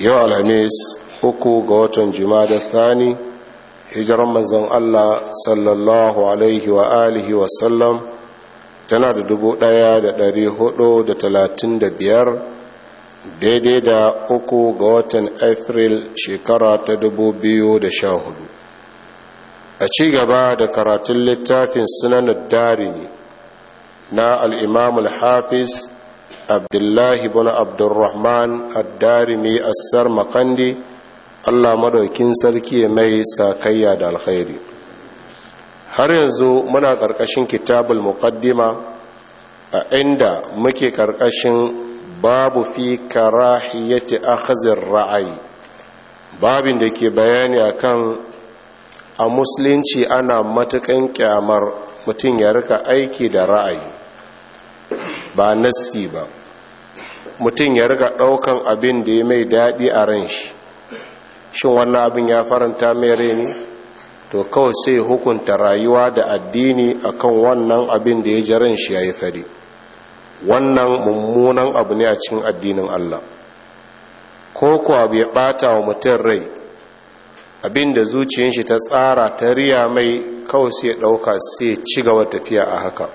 yau alhamis uku ga watan da thani hijiran manzon Allah sallallahu alaihi wa alihi wa sallam tana da dubu ɗaya da ɗari hudu da talatin da biyar daidai da uku ga watan Afril shekara ta dubu biyu da sha hudu a ci gaba da karatun littafin sunanar darini na al'imamul hafiz abdullahi bin abdurrahman addarimi asar makandi allah madaukin sarki mai sakayya da alkhairi har yanzu muna ƙarƙashin kitabul muqaddima a inda muke ƙarƙashin babu fi karahiyati akhzir ra'ayi babin da ke bayani akan a musulunci ana matukan kyamar mutum ya rika aiki da ra'ayi ba nassi ba mutum ya riga ɗaukan abin da ya mai daɗi a ran shi shin wannan abin ya faranta mai rai ne to kawai sai hukunta rayuwa da addini akan wannan abin da ya ji ran shi ya yi fari, wannan mummunan abu ne a cikin addinin Allah ko kuwa ya ɓata wa mutum rai abin da zuciyar shi ta tsara ta riya mai kawai sai ɗauka sai ci gaba tafiya a haka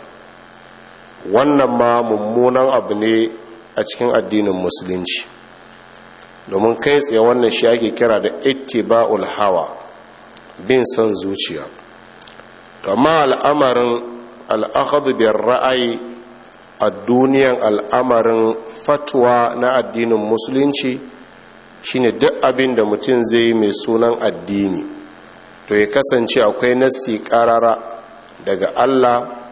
wannan ma mummunan abu ne a cikin addinin musulunci domin kai tsaye wannan shi ake kira da ittiba'ul hawa bin san zuciya ma al'amarin al'akhadu biyar ra'ayi a duniyan al'amarin fatwa na addinin musulunci shine duk abin da mutum zai mai sunan addini to ya kasance akwai nasi karara daga allah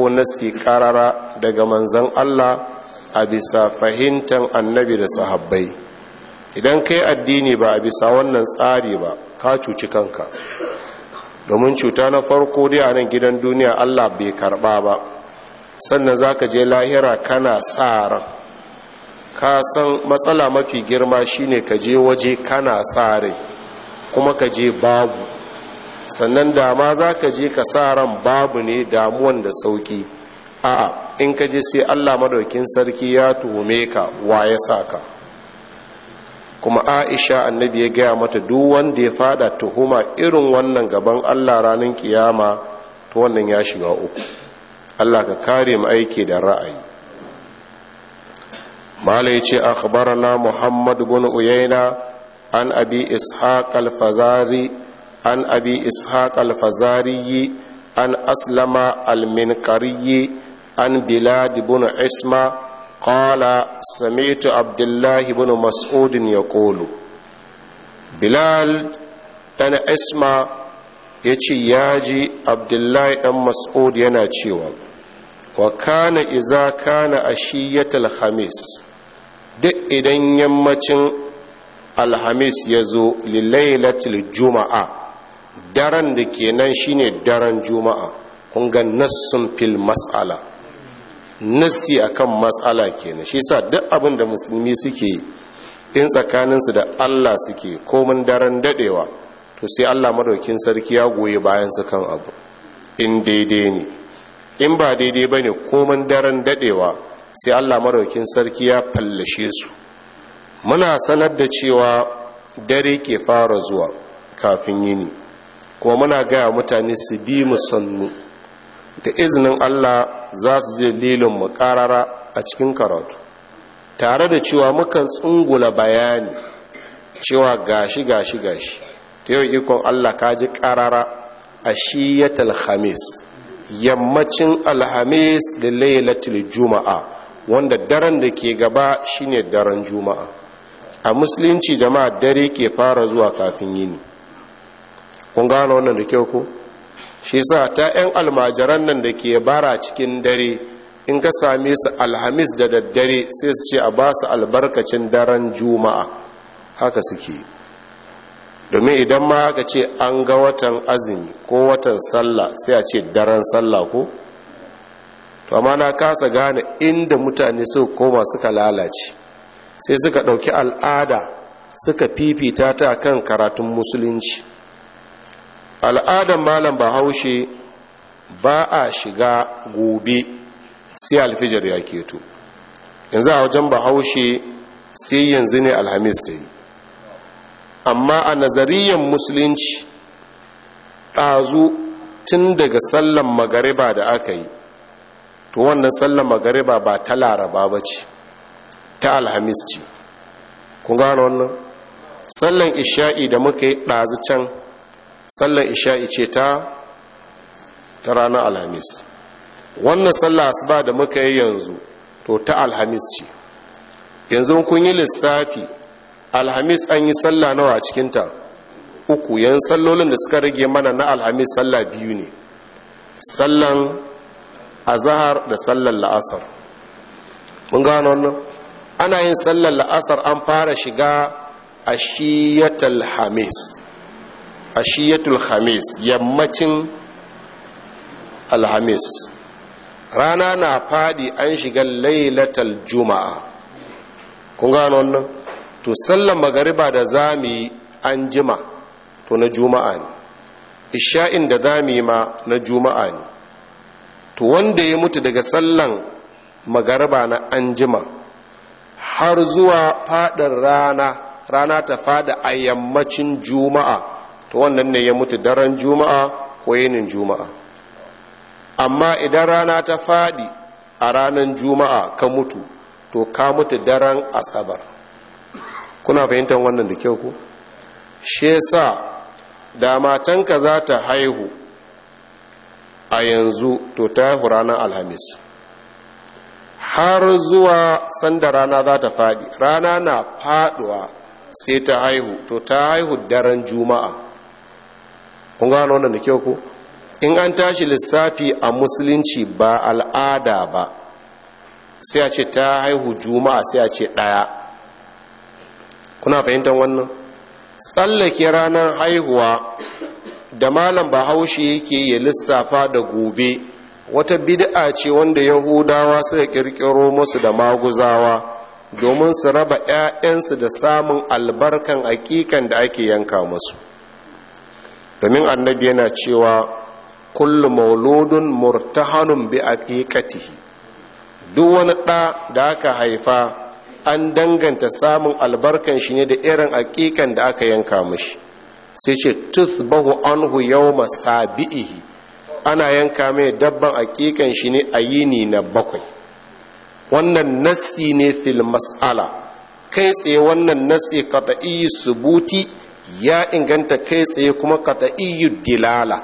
ko nasi karara daga manzan Allah a bisa fahimtar annabi da sahabbai idan kai addini ba a bisa wannan tsari ba ka cuci kanka domin cuta na farko dai a nan gidan duniya Allah bai karba ba sannan za ka je lahira kana tsara ka san matsala mafi girma shine ka je waje kana tsare kuma ka je babu sannan dama za ka je ka sa ran babu ne damuwan da sauki a'a in ka je sai allah madaukin sarki ya tuhume ka wa ya sa ka kuma aisha annabi ya gaya mata duk wanda ya fada tuhuma irin wannan gaban allah ranar kiyama to wannan ya shiga uku allah ka kare mu aiki da ra'ayi mala ya ce akhbarana muhammad bin uyaina an abi ishaq al-fazazi an abi ishaq al an aslama al-minkari an biladi ibn isma قال سمعت عبد الله بن مسعود يقول بلال أنا اسمع يجي ياجي عبد الله بن مسعود يناتشيوا وكان إذا كان أشية الخميس duk idan yammacin alhamis ya zo lilailatul juma'a daren da ke nan shi ne daren juma'a kunga nassun fil matsala nassi akan mas'ala kenan shi yasa duk abin da musulmi suke in tsakaninsu da Allah suke komin daren dadewa to sai Allah madaukin sarki ya goyi bayan su kan abu in daidai ne in ba daidai ba bane komin daren dadewa sai Allah madaukin sarki ya fallashe su muna sanar da cewa dare ke fara zuwa kafin yini kuma muna gaya mutane su bi mu sannu da izinin allah za su je lilin mu karara a cikin karatu tare da cewa mukan tsungula bayani cewa gashi gashi gashi ta yau ikon allah ka ji karara a shiyatal khamis yammacin alhamis da lailatul juma'a wanda daren da ke gaba shine daren juma'a a musulunci jama'a dare ke fara zuwa kafin yini kun gano wannan da kyau ko shi sa ta 'yan almajiran nan da ke bara cikin dare in ka same su alhamis da daddare sai su ce a ba su albarkacin daren juma'a haka suke domin idan ma haka ce an ga watan azumi ko watan sallah sai a ce daren sallah ko to ma na kasa gane inda mutane su koma suka lalace sai suka ɗauki al'ada suka fifita ta kan karatun musulunci al'adan malam bahaushe ba a shiga gobe sai alfijar ya keto yanzu a wajen bahaushe sai yanzu ne alhamis ta yi amma a nazariyan musulunci ɗazu tun daga sallan magariba da aka yi to wannan sallan magariba ba ta laraba ba ce ta alhamis ce kun gano wannan sallan isha'i da muka yi ɗazu can sallar isha'i ce ta ta ranar alhamis wannan sallar asuba da muka yi yanzu to ta alhamis ce yanzu kun yi lissafi alhamis an yi salla nawa a cikinta uku yan sallolin da suka rage mana na alhamis salla biyu ne sallan azahar da sallan la'asar mun gano wannan ana yin sallar la'asar an fara shiga a ashiyatal hamis ashiyatul hamis yammacin alhamis rana na fadi an shiga lailatul juma'a kun gano wannan to sallan magariba da zami an jima to na juma'a ne isha'in da zami ma na juma'a ne to wanda ya mutu daga sallan magariba na an jima har zuwa fadin rana rana ta fada a yammacin juma'a to wannan ne ya mutu daren juma'a ko yinin juma'a amma idan rana ta faɗi a ranar juma'a ka mutu to ka mutu daren asabar kuna fahimtar wannan da kyau ku shi sa da matanka za ta haihu a yanzu to ta haihu ranar alhamis har zuwa sanda rana za ta faɗi rana na faɗuwa sai ta haihu to ta haihu daren juma'a kun gano wannan da kyau ko in an tashi lissafi a musulunci ba al'ada ba sai a ce ta haihu juma'a sai a ce ɗaya kuna fahimtar wannan tsallake ranar haihuwa da malam bahaushe yake yi lissafa da gobe wata bid'a ce wanda yahudawa suka kirkiro musu da maguzawa domin su raba 'ya'yansu da samun albarkan aƙiƙan da ake yanka musu domin annabi yana cewa kullu mauludun murtahanun bi aqiqatihi duk wani ɗa da aka haifa an danganta samun albarkan shi ne da irin aqiqan da aka yanka mishi sai ce tuthbahu anhu yawma biIhi ana yanka mai dabban aqiqan shi ne a yini na bakwai wannan nassi ne fil mas'ala kai tsaye wannan nassi qat'i subuti ya inganta kai tsaye kuma qat'iyyu dilala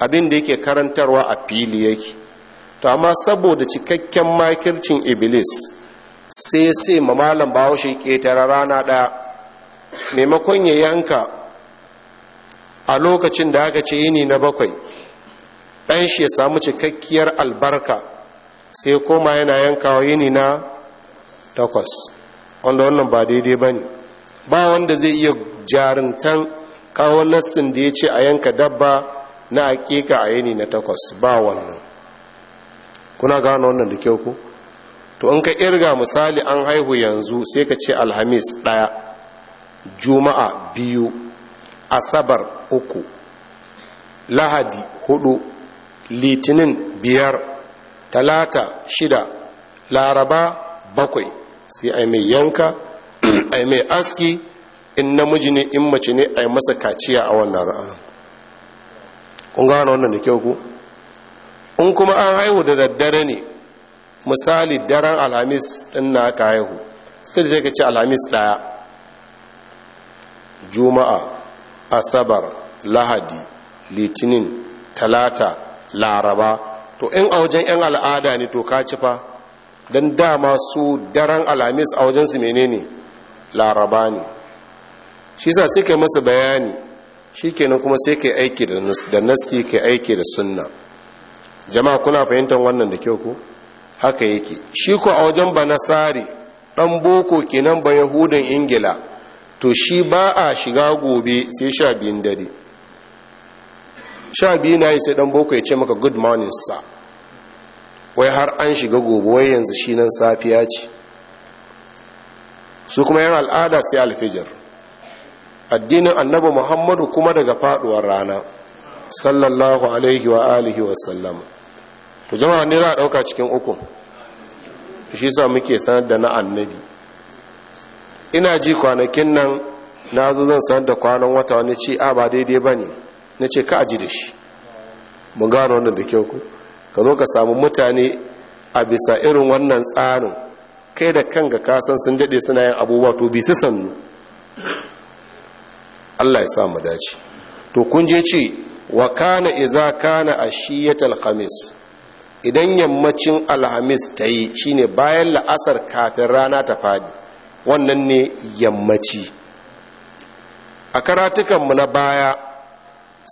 abin da yake karantarwa a fili yake to amma saboda cikakken makircin iblis sai sai ma malam bahaushe ketare rana ɗaya maimakon ya yanka a lokacin da aka ce yini na bakwai ɗan shi ya samu cikakkiyar albarka sai koma yana yankawa yini na takwas wanda wannan ba daidai ba ne ba wanda zai iya jarumtan kawon nassin da ya ce a yanka dabba na hakika a yini na takwas ba wannan kuna gano wannan da kyau ku to in ka irga misali an haihu yanzu sai ka ce alhamis ɗaya juma'a biyu asabar uku lahadi hudu litinin biyar talata shida laraba bakwai sai a mai yanka a mai aski in namiji ne in mace ne a yi masa kaciya a wannan ra'ana kun gano wannan da kyau ku in kuma an haihu da daddare ne misali daren alhamis din na ka haihu sai zai ka ci alhamis ɗaya juma'a asabar lahadi litinin talata laraba to in a wajen 'yan al'ada ne to ka ci fa don dama su daren alhamis a wajen su menene laraba ne shi sa sai kai masa bayani shi kenan kuma sai kai aiki da nassi kai aiki da sunna jama'a kuna fahimtar wannan da kyau ko haka yake shi ko a wajen banasari dan boko kenan ba yahudan ingila to shi ba a shiga gobe sai sha biyun dare sha biyu na yi sai dan boko ya ce maka good morning sa wai har an shiga gobe wai yanzu shi nan safiya ce su kuma yan al'ada sai alfijar addinin annabi muhammadu kuma daga faduwar rana sallallahu alaihi wa alihi wa sallam to jama'a ne za a dauka cikin uku shi sa muke sanar da na annabi ina ji kwanakin nan na zo zan sanar da kwanan wata wani ce a ba daidai ba ne na ce ka aji da shi mun gano wannan da kyau ka zo ka samu mutane a bisa irin wannan tsarin kai da kanka kasan sun daɗe suna yin abubuwa to bi su sannu Allah ya sa mu dace to kun je ce wa kana iza kana ashiyatal khamis idan yammacin alhamis ta yi shine bayan la'asar kafin rana ta fadi wannan ne yammaci a karatukanmu na baya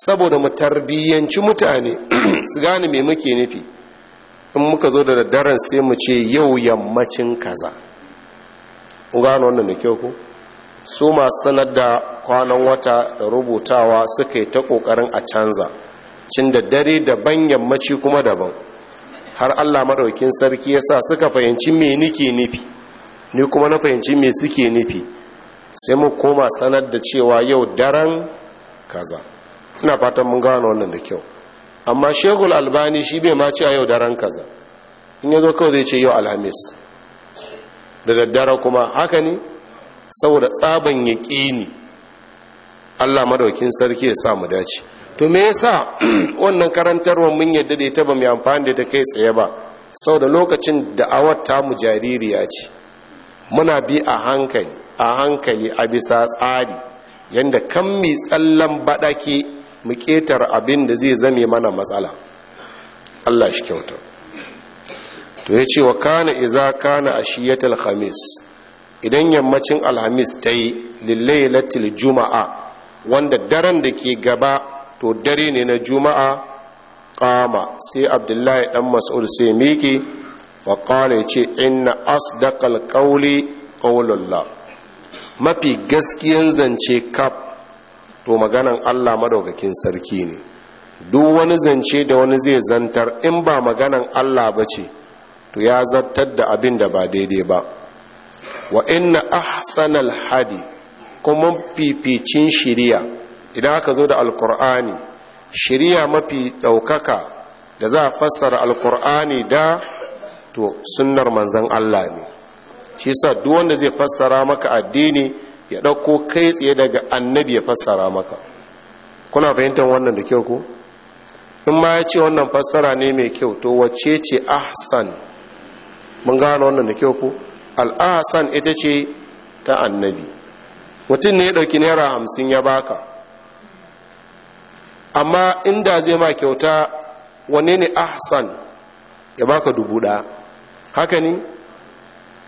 saboda mu tarbiyyanci mutane su gane me muke nufi in muka zo da daddaren sai mu ce yau yammacin kaza gano wannan da kyau ko su masu sanar da kwanan wata da rubutawa suka yi ta ƙoƙarin a canza cin da dare daban yammaci kuma daban har allah maɗaukin sarki ya sa suka fahimci me nike nufi ni kuma na fahimci me suke nufi sai mu koma sanar da cewa yau daren kaza ina fatan mun gano wannan da kyau amma shekul albani shi bai ma ce a yau daren kaza in ya zo kawai zai ce yau alhamis da daddare kuma haka ne saboda tsaban ya ne, allah madaukin sarki ya sa mu dace to me yasa wannan karantarwar mun yadda da ita ba mai amfani da ta kai tsaye ba saboda lokacin da awata mu jaririya ce muna bi a hankali a hankali a bisa tsari yadda kan mai tsallan baɗake mu ƙetar abin da zai zame mana matsala allah shi kyauta to ya ce wa kana iza kana a shiyatar khamis idan yammacin alhamis ta yi lillailatul juma'a wanda daren da ke gaba to dare ne na juma'a kama sai abdullahi dan mas'ud sai miƙe faƙala ya ce inna asdaqal qawli qawlullah mafi gaskiyan zance kaf to maganan Allah madaukakin sarki ne duk wani zance da wani zai zantar in ba maganan Allah ba ce to ya zartar da abin da ba daidai ba wa inna ahsanal hadi kuma fificin shiriya idan aka zo da alkur'ani shiriya mafi ɗaukaka da za a fassara alkur'ani da to sunnar manzan Allah ne shi sa duk wanda zai fassara maka addini ya dauko kai tsaye daga annabi ya fassara maka kuna fahimtar wannan da kyau ko in ma ya ce wannan fassara ne mai kyau to wacce ce ahsan mun gano wannan da kyau ko al’asan ita ce ta annabi mutum ne ya ɗauki naira hamsin ya baka amma inda zai ma kyauta wane ne ahsan ya baka dubu ɗaya haka ne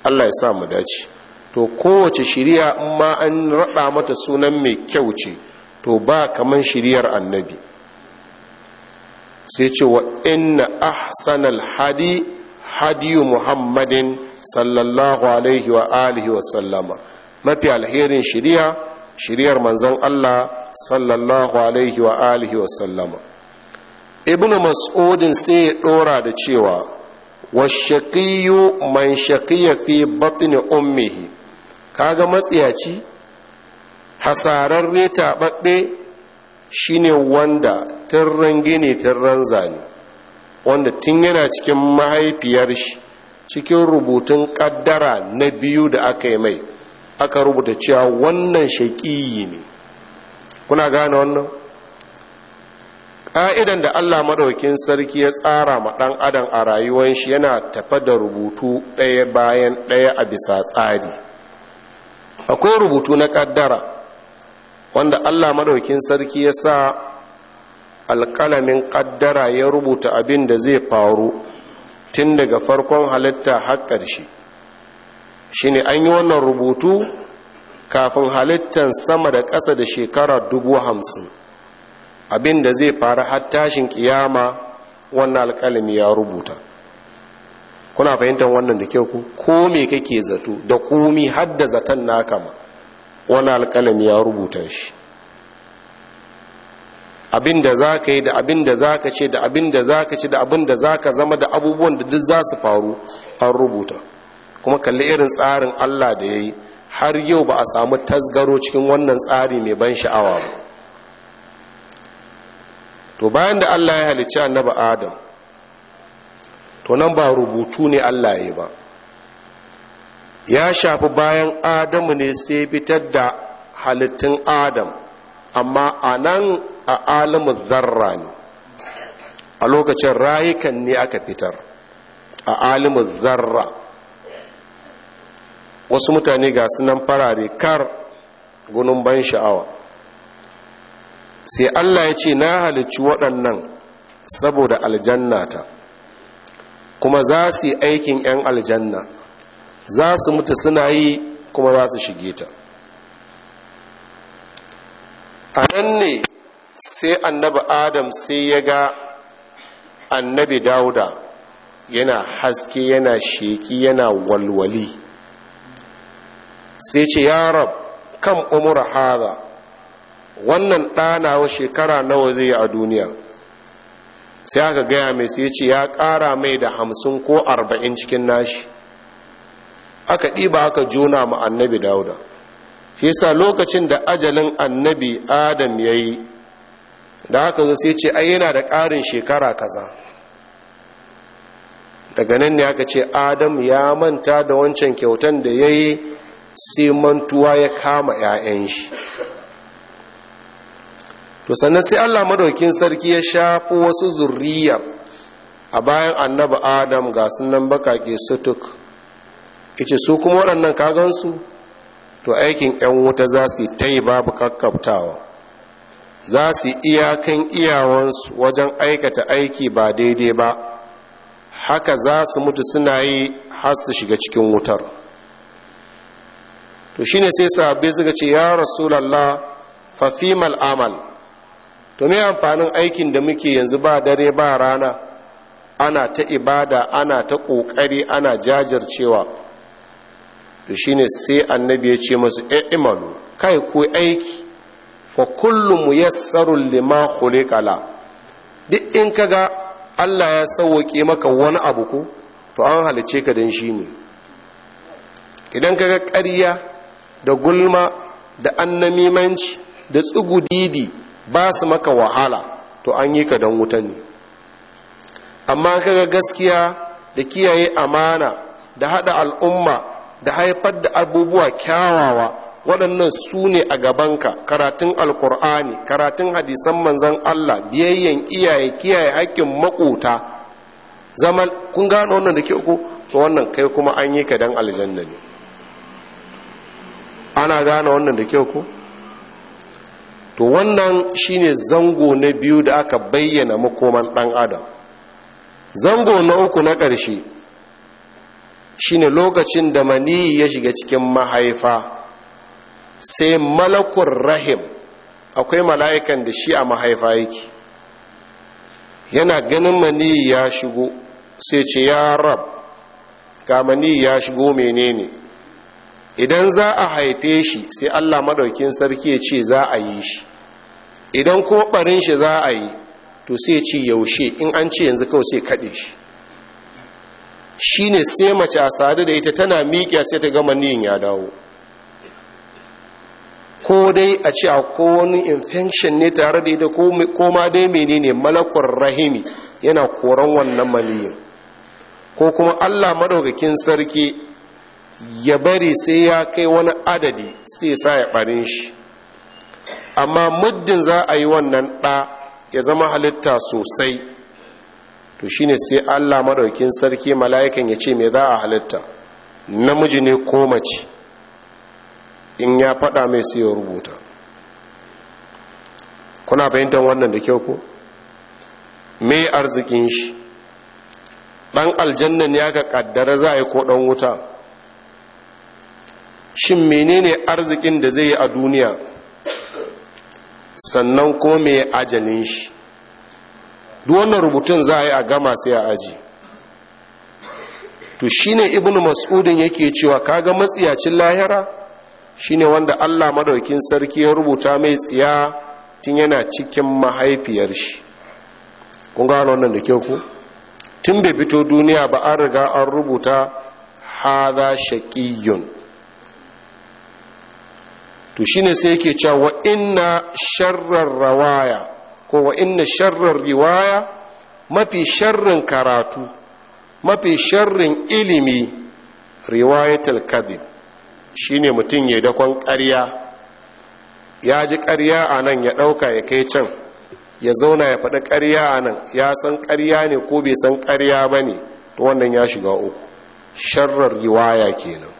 allah ya sa mu dace to kowace shirya in ma an raɗa mata sunan mai kyau ce to ba kaman shiryar annabi sai ce wa inna ahsanal hadi hadiyu muhammadin sallallahu alaihi wa alihi wa sallama mafi alherin shiriya shiriyar manzon Allah sallallahu alaihi wa alihi wa sallama ibnu mas'udin sai ya dora da cewa washaqiyu man shaqiya fi batni ummihi kaga matsiyaci hasararre taɓaɓɓe shine wanda tun gini tun zane wanda tun yana cikin mahaifiyar shi cikin rubutun kaddara na biyu da aka yi mai aka rubuta cewa wannan shaƙiyi ne kuna gane wannan ƙa'idan da allah maɗaukin sarki ya tsara ma ɗan adam a rayuwan shi yana tafa da rubutu ɗaya bayan ɗaya a bisa tsari akwai rubutu na ƙaddara wanda allah maɗaukin sarki ya sa alƙalamin ƙaddara ya rubuta abin da zai faru tun daga farkon halitta har ƙarshe shi ne an yi wannan rubutu kafin halittan sama da ƙasa da shekara dubu hamsin abin da zai faru har tashin ƙiyama wannan alƙalami ya rubuta kuna fahimtar wannan da kyau ko me kake zato da komi hadda zaton naka ma wannan alƙalami ya rubuta shi abin da za ka yi da abin da za ka ce da abin da za ka ce da abin da za ka zama da abubuwan da duk za su faru an rubuta kuma kalli irin tsarin allah da ya yi har yau ba a samu tasgaro cikin wannan tsari mai ban sha'awa ba to bayan da allah ya halicci annaba adam to nan ba rubutu ne allah ya yi ba ya shafi bayan adamu ne sai fitar da halittun adam amma a nan a alamu zarra ne a lokacin rayukan ne aka fitar a alimu zarra wasu mutane ga sunan farare kar gunun ban sha'awa sai allah ya ce na halicci waɗannan saboda aljannata kuma za su yi aikin 'yan aljanna za su mutu suna yi kuma za su shige ta a nan ne sai annabi adam sai ya ga annabi dauda yana haske yana sheki yana walwali sai ce ya rab kan umura haza wannan ɗanawa shekara nawa zai yi a duniya sai aka gaya mai sai ce ya ƙara mai da hamsin ko arba'in cikin nashi aka ɗiba aka juna ma annabi dauda fi sa lokacin da ajalin annabi adam ya yi da haka zo sai ce ai yana da ƙarin shekara kaza daga nan ne aka ce adam ya manta da wancan kyautan da ya yi sai mantuwa ya kama 'ya'yan shi to sannan sai allah madaukin sarki ya shafi wasu zurriyar a bayan annabi adam ga sunan bakake sutuk ice su kuma waɗannan kagansu to aikin 'yan wuta za su yi ta yi babu kakkaftawa za su iyakan iyawansu wajen aikata aiki ba daidai ba haka za su mutu suna yi har su shiga cikin wutar to shi ne sai sabbi suka ce ya rasulallah fafimal amal to me amfanin aikin da muke yanzu ba dare ba rana ana ta ibada ana ta ƙoƙari ana jajircewa to shi ne sai annabi ya ce masu eh, imalu kai ku aiki fa kullu muyassarun lima khuliqa kala. duk in kaga Allah ya sauke maka wani abu ko to an halice ka dan shi ne idan kaga ƙarya da gulma da annamimanci da tsugudidi ba su maka wahala to an yi ka dan wuta ne amma kaga gaskiya da kiyaye amana da hada al'umma da haifar da abubuwa kyawawa waɗannan su ne a gabanka karatun alkur'ani karatun hadisan manzan allah biyayyen iyaye kiyaye haƙƙin maƙota. zama kun gano wannan da ke uku to wannan kai kuma an yi ka dan aljanna ne ana gano wannan da ke uku? to wannan shine zango na biyu da aka bayyana makoman ɗan adam zango na uku na ƙarshe shine lokacin da maniyi ya shiga cikin mahaifa sai malakun rahim akwai mala'ikan da shi a mahaifa yake yana ganin mani ya shigo sai ce ya rab ga mani ya shigo menene idan za a haife shi sai allah maɗaukin sarki ya ce za a yi shi idan ko barin shi za a yi to sai ce yaushe in an ce yanzu kawai sai kaɗe shi Shi ne sai mace a sadu da ita tana miƙa sai ta gama niyin ya dawo ko dai a ce a ko wani infection ne tare da ita ko ma dai menene malakun rahimi yana koran wannan maniyin ko kuma allah madaukakin sarki ya bari sai ya kai wani adadi sai sa ya barin shi amma muddin za a yi wannan ɗa ya zama halitta sosai to shine sai allah madaukakin sarki mala'ikan ya ce me za a halitta namiji ne ko mace in ya faɗa mai sai ya rubuta kuna fahimtar wannan da kyau ko me arzikin shi ɗan aljannan ya ga ƙaddara za a yi ko ɗan wuta shin menene arzikin da zai yi a duniya sannan ko me ajalin shi duk wannan rubutun za a yi a gama sai a aji to shine ibn mas'udin yake cewa kaga matsiyacin lahira shine wanda Allah madaukin sarki ya rubuta mai tsiya tun yana cikin mahaifiyar shi kun gano wannan da kyau ku tun bai fito duniya ba an riga an rubuta haza shaqiyyun to shine sai yake cewa wa inna sharrar rawaya ko wa inna sharrar riwaya mafi sharrin karatu mafi sharrin ilimi riwayatul kadhib shine mutum ya dakon karya, ya ji ƙarya a nan ya ɗauka ya kai can ya zauna ya faɗi ƙarya a nan ya san ƙarya ne ko bai san ƙarya ba ne to wannan ya shiga uku sharrar riwaya kenan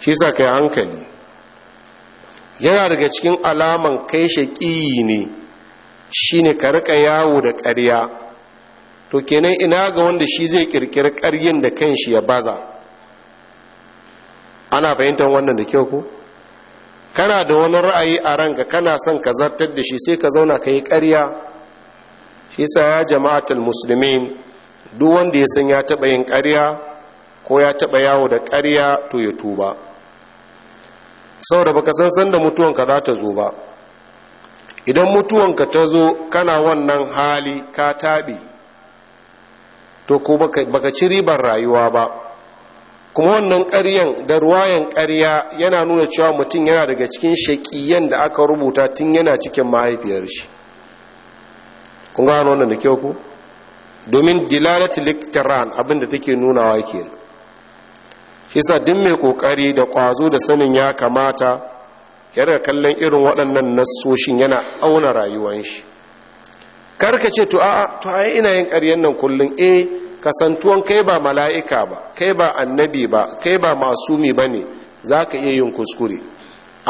shi sa kai hankali yana daga cikin alaman kai shaƙiyi ne shine ka riƙa yawo da ƙarya to kenan ina ga wanda shi zai ƙirƙiri ƙaryin da kanshi ya baza ana fahimtar wannan da kyau ko kana da wani ra'ayi a ranka kana son ka zartar da shi sai ka zauna ka yi ƙarya shi sa ya jama'atul musulmin duk wanda ya san ya taɓa yin ƙarya ko ya taɓa yawo da ƙarya to ya tuba saboda baka san san da mutuwanka za ta zo ba idan mutuwanka ta zo kana wannan hali ka taɓe to ko baka ci ribar rayuwa ba kuma wannan ƙaryan da ruwayan ƙarya yana nuna cewa mutum yana daga cikin shaƙiyan da aka rubuta tun yana cikin mahaifiyar shi kun gano wannan da kyau ku domin dilalatul iktiran abin da take nunawa kenan shi sa duk mai kokari da ƙwazo da sanin ya kamata yana kallon irin waɗannan nasoshin yana auna rayuwan shi karka ce to a'a ina yin ƙaryan nan kullum eh kasantuwan kai ba mala'ika ba kai ba annabi ba kai ba masumi ba ne za ka iya yin kuskure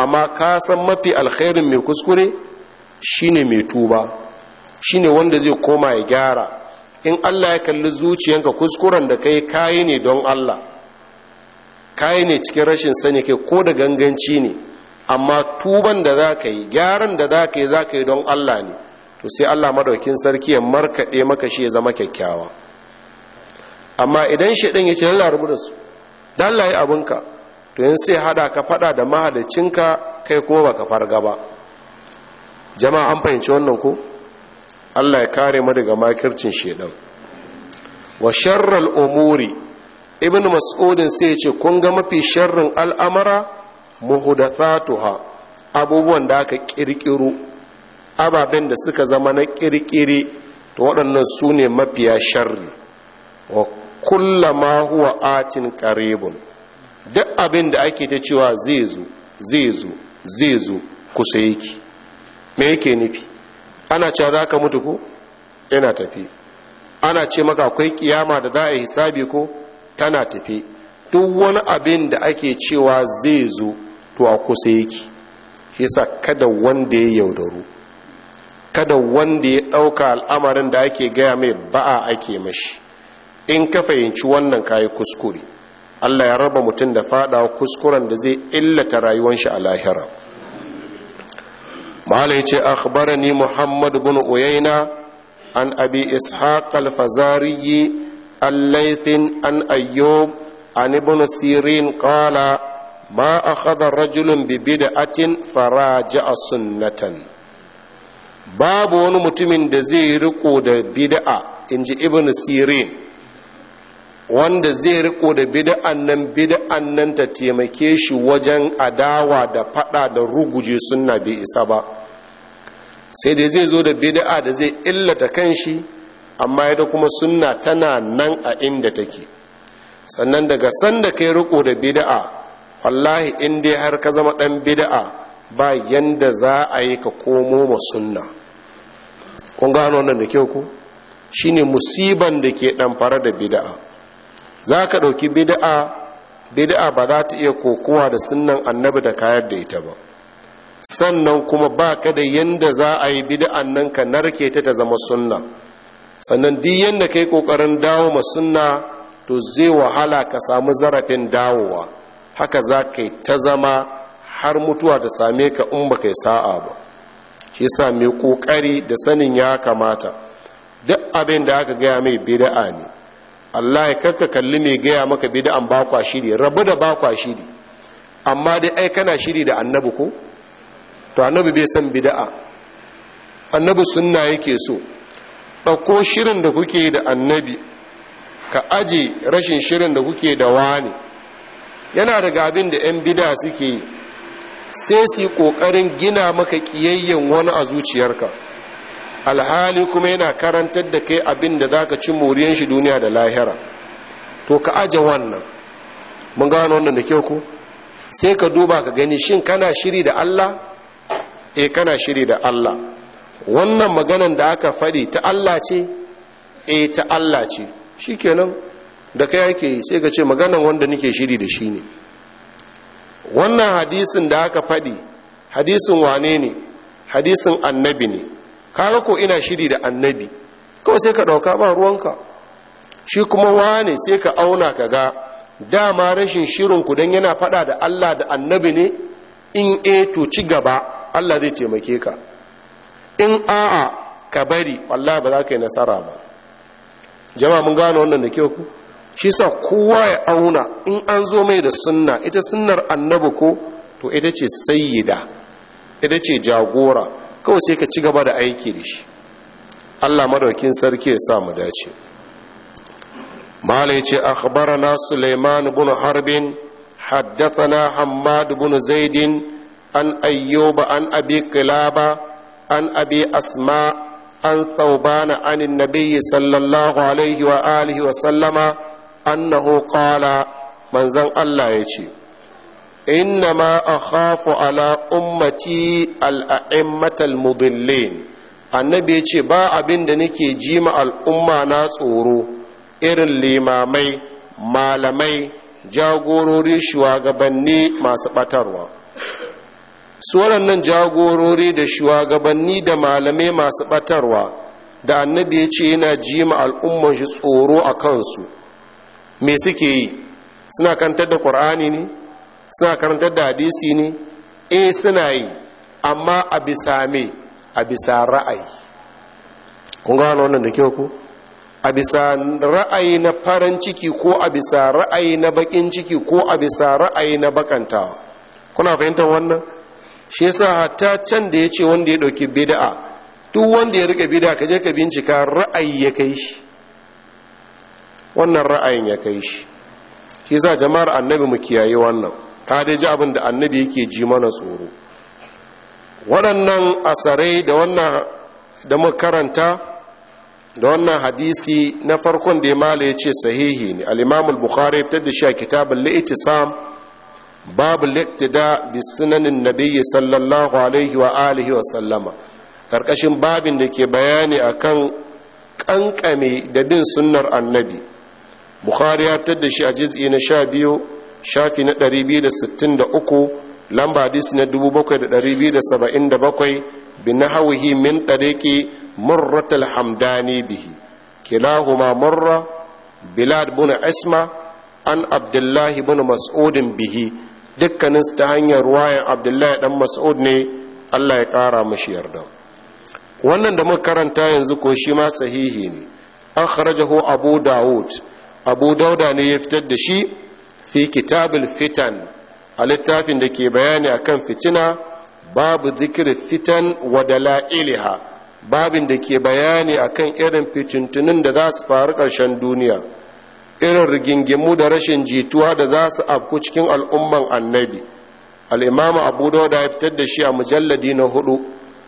amma ka san mafi alkhairin mai kuskure shine mai tuba shine wanda zai koma ya gyara in allah ya kalli zuciyanka kuskuren da kai kayi ne don allah kayi ne cikin rashin sani kai ko da ganganci ne amma tuban da za ka yi gyaran da za ka yi za ka yi don allah ne to sai allah madaukin sarki ya markaɗe maka shi ya zama kyakkyawa amma idan shaidan ya ce lalla rubu su yi abinka to yin sai haɗa ka faɗa da mahadacinka kai kuma ka farga ba jama'a an fahimci wannan ko Allah ya kare mu daga makircin shaidan wa sharral umuri ibn mas'udin sai ya ce kun ga mafi sharrin al'amara muhdathatuha abubuwan da aka kirkiro ababen da suka zama na kirkire to waɗannan su ne mafiya sharri wa ma huwa atin qarebun duk abin da ake ta cewa zai zo zai zo zai zo kusa yake me yake nufi ana cewa za ka mutu ko yana tafi ana ce maka akwai kiyama da za a yi hisabi ko tana tafi duk wani abin da ake cewa zai zo to a kusa yake Hisa kada wanda ya yaudaru kada wanda ya ɗauka al'amarin da ake gaya mai ba'a ake mashi in ka fahimci wannan kayi kuskure Allah ya raba mutum da fada kuskuren da zai illata rayuwar shi a lahira mahala yace akhbarani muhammad bin uyayna an abi ishaq al-fazari al-laythin an ayyub an ibn sirin qala ma akhadha rajulun fara ji a sunnatan babu wani mutumin da zai riko da bid'a inji ibn sirin wanda zai riko da bid'an nan bid'an nan ta taimake shi wajen adawa da fada da ruguje sunna bai isa ba sai dai zai zo da bid'a da zai illata kanshi amma da kuma sunna tana nan a inda take sannan daga sanda kai riko da bid'a wallahi in dai har ka zama dan bid'a ba yanda za a yi ka komo ma sunna kun gano wannan da kyau ku shine musiban da ke fara da bid'a za ka ɗauki bid'a bid'a ba za ta iya kokowa da sunan annabi da kayar da ita ba sannan kuma ba ka da yanda za a yi bid'an nan ka narke ta ta zama sunna sannan duk yanda kai ƙoƙarin dawo ma sunna to zai wahala ka samu zarafin dawowa haka za ka yi ta zama har mutuwa ta same ka in ba kai sa'a ba shi sa mai kokari da sanin ya kamata duk abin da aka gaya mai bid'a ne Allah ya karka kalli mai gaya maka bid'an ba kwa shiri rabu da ba kwa shiri amma dai ai kana shiri da annabi ko to annabi bai san bid'a annabi sunna yake so ɗauko shirin da kuke da annabi ka aje rashin shirin da kuke da wani yana daga abin da 'yan bida suke yi sai su yi ƙoƙarin gina maka ƙiyayyen wani a zuciyarka alhali kuma yana karantar da kai abin da za ka ci moriyan shi duniya da lahira to ka aje wannan mun gano wannan da kyau ko sai ka duba ka gani shin kana shiri da Allah eh kana shiri da Allah wannan maganan da aka faɗi ta Allah ce eh ta Allah ce shikenan da kai yake sai ka ce maganan wanda nake shiri da shi ne wannan hadisin da aka faɗi hadisin wane ne hadisin annabi ne ga ko ina shiri da annabi kawai sai ka ɗauka ba ruwanka shi kuma wane sai ka auna ka ga dama rashin shirin ku don yana faɗa da allah da annabi ne in e to ci gaba allah zai taimake ka in a'a ka bari wallah ba za ka yi nasara ba jama'a mun gano wannan da ke ku shi sa kowa ya auna in an zo mai da sunna ita sunnar annabi ko to ita ce sayyida ita ce jagora kawai sai ka ci gaba da aiki da shi allah madaukin sarki ya sa mu dace malai ce na suleiman bin harbin haddathana Hamad bin zaidin an ayyuba an abi kilaba an abi asma an thawbana an annabi sallallahu alaihi wa alihi wa sallama annahu qala manzon allah ya ce innama akhafu ala ummati matal mudillin annabi ya ce ba abin da nake ji ma al'umma na tsoro irin limamai malamai jagorori shugabanni masu batarwa su waɗannan jagorori da shugabanni da malamai masu batarwa da annabi ya ce yana ji ma al'umman shi tsoro a kansu me suke yi suna kantar da ƙur'ani ne suna karantar da hadisi ne eh suna yi amma a bisa me a bisa ra'ayi kun gano wannan da kyau ku a bisa ra'ayi na farin ciki ko a bisa ra'ayi na bakin ciki ko a bisa ra'ayi na bakantawa kuna fahimtar wannan shi yasa hatta can da ya ce wanda ya ɗauki bida'a duk wanda ya rike bida'a ka je ka bincika ra'ayi ya kai shi wannan ra'ayin ya kai shi shi yasa jama'ar annabi mu kiyaye wannan ka dai ji abin da annabi yake ji mana tsoro waɗannan asarai da wannan da makaranta da wannan hadisi na farkon da ya mala ya ce sahihi ne al'imamul bukhari ta da sha kitabin Sam babu liktida bi sunanin nabiya sallallahu alaihi wa alihi wa sallama karkashin babin da ke bayani akan ƙanƙame da bin sunnar annabi bukhari ya da shi a jiz'i na sha biyu shafi na 263 lamba hadisi na 7277 bi nahawihi min tariki murrat alhamdani hamdani bihi kilahuma murra bilad bin isma, an Abdullahi bin Mas'udin bihi dukkanin su ta hanyar ruwayan abdullahi dan mas'ud ne Allah ya kara mashi yarda wannan da muka karanta yanzu ko shi ma sahihi ne an kharajahu abu dawud abu dauda ne ya fitar da shi fi kitabul fitan a littafin da ke bayani akan fitina babu zikir fitan wa dala'iliha babin da ke bayani akan irin fitintunin da za su faru ƙarshen duniya irin rigingimu da rashin jituwa da za su afku cikin al'umman annabi al'imamu abu dauda ya fitar da shi a mujalladi na hudu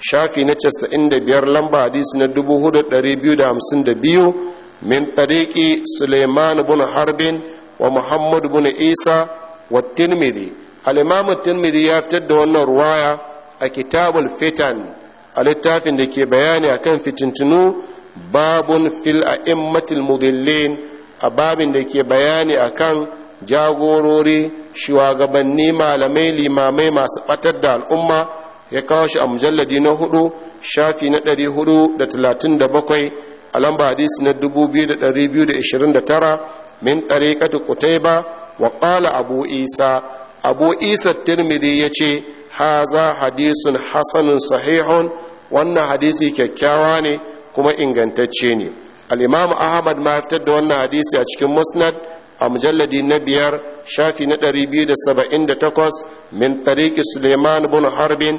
shafi na casa'in da biyar lamba hadis na dubu hudu ɗari biyu da hamsin da biyu min tariki suleiman bin harbin wa muhammad bin isa wa tirmidhi al-imam tirmidhi ya fitar da wannan ruwaya a kitabul fitan a littafin da ke bayani akan fitintunu babun fil a'immatil mudillin a babin da ke bayani akan jagorori shugabanni malamai limamai masu batar da al'umma ya kawo shi a mujalladi na hudu shafi na ɗari hudu da talatin da bakwai a lamba hadisi na dubu biyu da biyu da ishirin da tara min tariqati qutayba wa qala abu isa abu isa tirmidhi yace haza hadisun hasanun sahihun wannan hadisi kyakkyawa ne kuma ingantacce ne al-imam ahmad ma fitar da wannan hadisi a cikin musnad a mujalladi na biyar shafi na 278 min tariqi suleiman bin harbin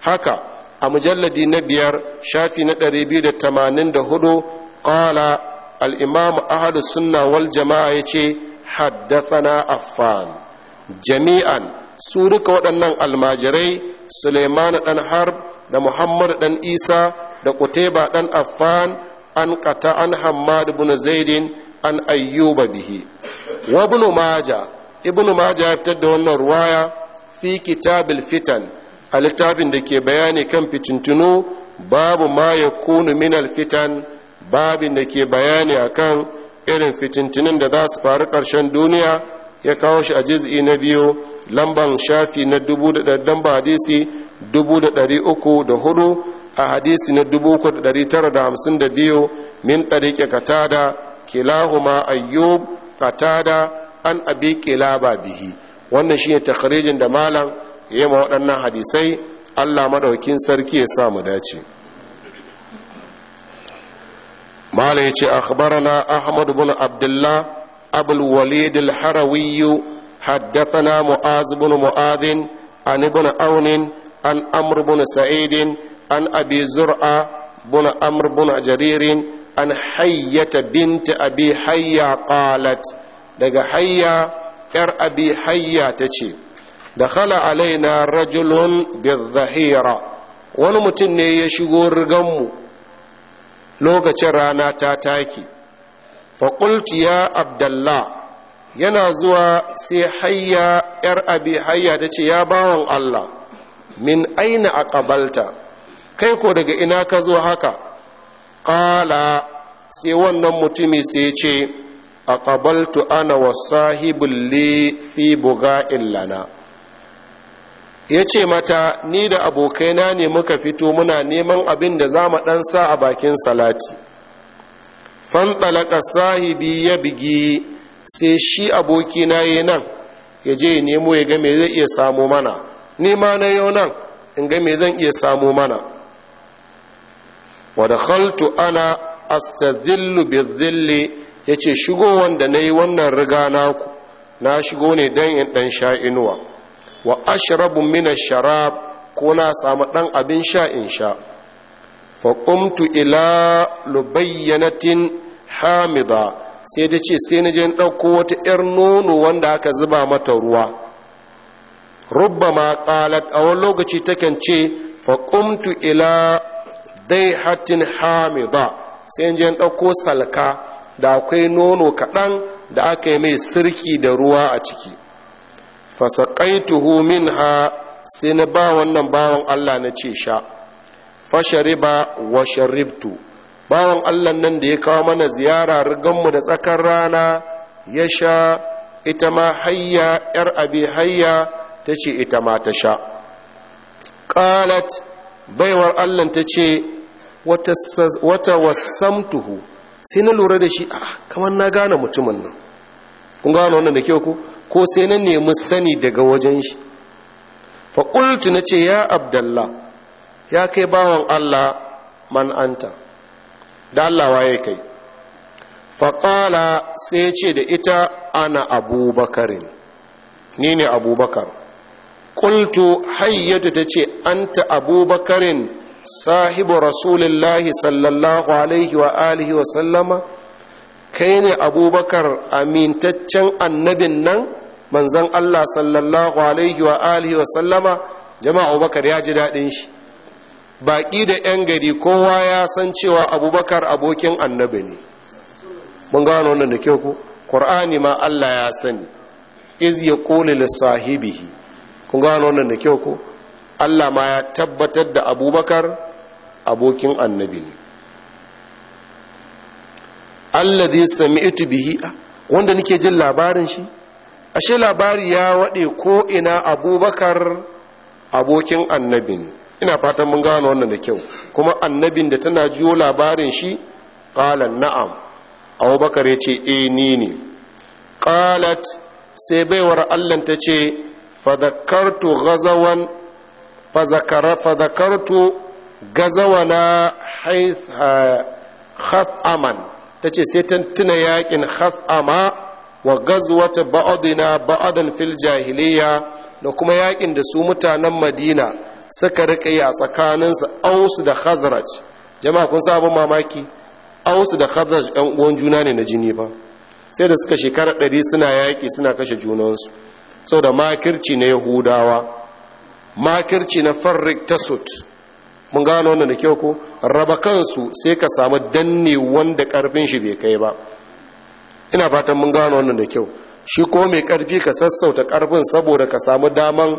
haka a mujalladi na biyar shafi na 284 qala al'imamu ahadu sunna wal jama'a ya ce haddathana affan jami'an su duka waɗannan almajirai suleiman ɗan harb da muhammad ɗan isa da kuteba ɗan affan an ƙata an hammad ibn zaidin an ayyuba bihi wa ibn maja ibn maja ya fitar da wannan ruwaya fi kitabil fitan a littafin da ke bayani kan fitintunu babu ma ya kunu min fitan. babin da ke bayani akan irin fitintinin da za su faru ƙarshen duniya ya kawo shi a jiz'i na biyu lamban shafi na dubu da ba hadisi dubu da ɗari uku da hudu a hadisi na dubu uku da ɗari tara da hamsin da biyu min ɗariƙe katada kilahuma ayyub da an abi kila ba bihi wannan shi shine takarijin da malam ya yi ma waɗannan hadisai Allah madaukin sarki ya sa mu dace mala ya ce akhbarana ahmad bin abdullah abul walid al-harawi haddathana mu'az bin mu'adin an ibn aunin an amr bin sa'idin an abi zur'a bin amr bin jaririn an hayyata binta abi hayya qalat daga hayya yar abi hayya ta ce da khala alaina rajulun bizahira wani mutum ne ya shigo mu. lokacin rana ta taki faƙulti ya abdallah yana zuwa sai hayya yar abi hayya da ce ya bawon allah min aina a ƙabalta kai ko daga ina ka zo haka ƙala sai wannan mutumi sai ce a ƙabaltu ana wasu sahibin fi buga illana ya ce mata ni da abokaina ne muka fito muna neman abin da za mu ɗan sa a bakin salati fanɗalaka sahibi ya bigi sai shi abokina ya nan ya je ya nemo ya ga me zai iya samu mana nema na yau nan in ga me zan iya samu mana wa dakhaltu ana zille ya yace shigo wanda na yi wannan riga naku na shigo ne dan in dan sha inuwa wa ashrabu min ash-sharab ko na samu dan abin sha in sha Faƙumtu qumtu ila lubayyanatin hamida sai da ce sai na je ɗauko wata 'yar nono wanda aka zuba mata ruwa rubbama qalat a wani lokaci takan ce faƙumtu qumtu ila daihatin hamida sai je ɗauko salka da akwai nono kaɗan da aka yi mai sirki da ruwa a ciki fasaƙaituhu minha sai na ba wannan bawan Allah na ce sha fashariba wa sharibtu bawan Allah nan da ya kawo mana ziyara riganmu da tsakar rana ya sha ita ma hayya yar abi hayya ta ce ita ma ta sha ƙalat baiwar Allah ta ce wata wasamtuhu sai na lura da shi a ah, kamar na gane mutumin nan kun gane wannan da kyau ku ko sai na nemi sani daga wajen shi faƙultu na ce ya abdallah ya kai bawan allah man'anta da Allawa waye kai faƙala sai ce da ita ana abubakarin ni ne abubakar ƙultu hayyatu ta ce anta abubakarin sahibu rasulillahi sallallahu alaihi wa alihi wa sallama kai ne abubakar amintaccen annabin nan manzan allah sallallahu alaihi wa alihi wa sallama jama'a abubakar ya ji daɗin shi baƙi da 'yan gari kowa ya san cewa abubakar abokin annabi ne mun gano wannan da kyau ku ƙur'ani ma allah ya sani iz ya ƙoli lissahibihi kun gano wannan da kyau ku allah ma ya tabbatar da abubakar abokin annabi ne Allah alladhi sami'tu bihi wanda nake jin labarin shi ashe labari ya wade ko ina abubakar abokin annabi ne ina fatan mun gano wannan da kyau kuma annabin da tana jiyo labarin shi qala na'am abubakar ya ce eh ni ne qalat sai baiwar Allah ta ce fadakartu gazawan fadakartu gazawana haith aman. ta ce sai ta tuna yaƙin hasama wa gazwata ba'adina ba'adan fil jahiliya da kuma yaƙin da su mutanen madina suka riƙa yi a tsakaninsu ausu da khazraj jama'a kun sabon mamaki ausu da khazraj ɗan uwan juna ne na jini ba sai da suka shekara ɗari suna yaƙi suna kashe junansu sau da makirci na yahudawa makirci na farrik tasut mun gano wannan da kyau ko raba kansu sai ka samu danne wanda karfin shi bai kai ba ina fatan mun gano wannan da kyau shi ko mai karfi ka sassauta karfin saboda ka samu daman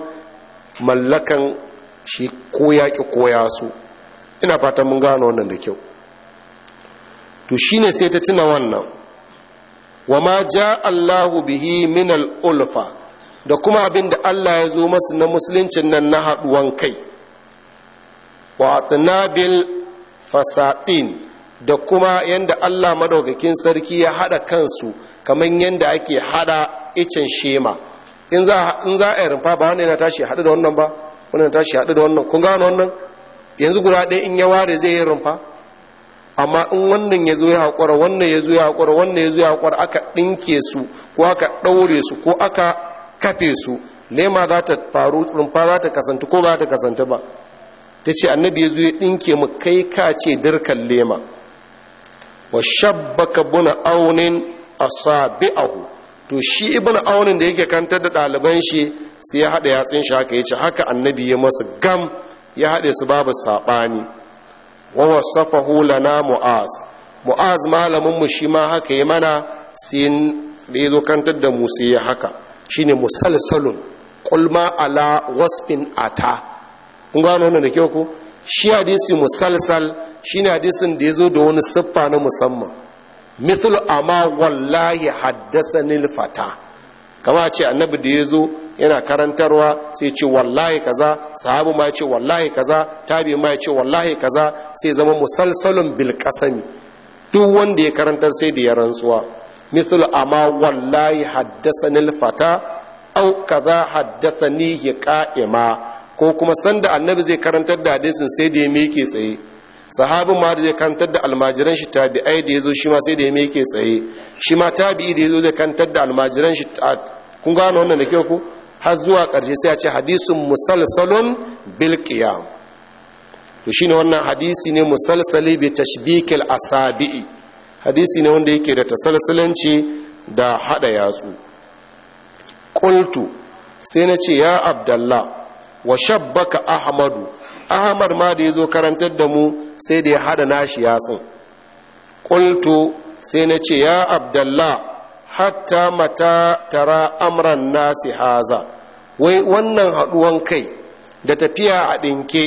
mallakan shi ko yaƙi ko su. ina fatan mun gano wannan da kyau to shine sai ta tuna wannan wa ma ja Allahu bihi min al-ulfa da kuma abin da Allah ya zo masu na musuluncin nan na haɗuwan kai wa atnabil fasatin da kuma yanda Allah madaukakin sarki ya hada kansu kamar yanda ake hada icen shema in za in za a rumfa ba wannan yana tashi hada da wannan ba wannan tashi hada da wannan kun gano wannan yanzu guda ɗaya in ya ware zai yi rumfa amma in wannan ya zo ya haƙura wannan ya zo ya haƙura wannan ya zo ya haƙura aka ɗinke su ko aka ɗaure su ko aka kafe su lema za ta faru rumfa za ta kasanta ko ba za ta kasanta ba ta ce annabi ya zo ya ɗinke mu kai ka ce dirkan lema wa shabbaka buna aunin asabi'ahu to shi ibn aunin da yake kantar da ɗaliban shi sai ya haɗa yatsun shi haka ya ce haka annabi ya masu gam ya haɗe su babu saɓani wa wasafahu lana mu'az mu'az malamin mu shi ma haka ya mana sai da ya zo kantar da mu sai ya haka shine musalsalun qul ma ala wasfin ata kun gano wannan da kyau ko shi hadisi musalsal shine hadisin da ya zo da wani siffa na musamman mithlu ama wallahi haddathani fata kama ce annabi da yazo yana karantarwa sai ce wallahi kaza sahabu ma ce wallahi kaza tabi ma ce wallahi kaza sai zama musalsalun bil qasami duk wanda ya karantar sai da ya rantsuwa mithlu ama wallahi haddasa fata au kaza haddathani qa'ima ko kuma sanda annabi zai karantar da hadisin sai da ya meke tsaye sahabin ma zai karantar da almajiran shi tabi'ai da ya zo shi ma sai da ya meke tsaye shi ma tabi'i da ya zo zai karantar da almajiran shi kun gano wannan da kyau ku? har zuwa ƙarshe sai a ce hadisun musalsalun bil qiyam to shine wannan hadisi ne musalsali bi tashbikil asabi'i hadisi ne wanda yake da tasalsalanci da hada yatsu qultu sai na ce ya Abdallah. wa shabbaka ahmadu ahmad ma da ya zo karantar da mu sai da ya hada nashi yatsun ƙultu sai na ce ya abdallah hatta mata tara amran nasi haza wai wannan haɗuwan kai da tafiya a ɗinke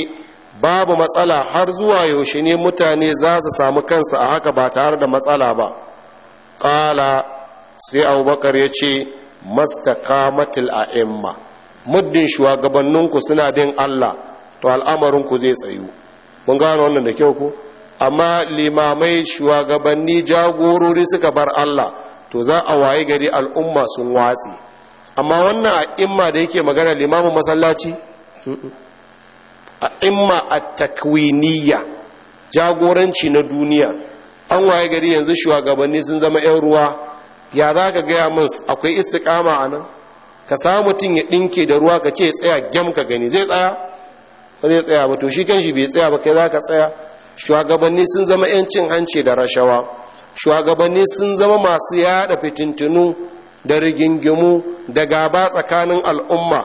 babu matsala har zuwa yaushe ne mutane za su samu kansu a haka ba tare da matsala ba ƙala sai abubakar ya ce mastakamatul a'imma muddin shugabanninku suna bin Allah to al'amarinku zai tsayu mun gano wannan da kyau ko amma limamai shugabanni jagorori suka bar Allah to za a waye gari al'umma sun watsi amma wannan a imma da yake magana limamin masallaci a imma a takwiniya jagoranci na duniya an waye gari yanzu shugabanni sun zama 'yan ruwa ya za ka gaya min akwai istiqama a nan ka samu mutum ya ɗinke da ruwa ka ce tsaya gyam ka gani zai tsaya zai tsaya ba to shi kan shi bai tsaya ba kai za ka tsaya shugabanni sun zama 'yancin hanci da rashawa shugabanni sun zama masu yada fitintunu da rigingimu da gaba tsakanin al'umma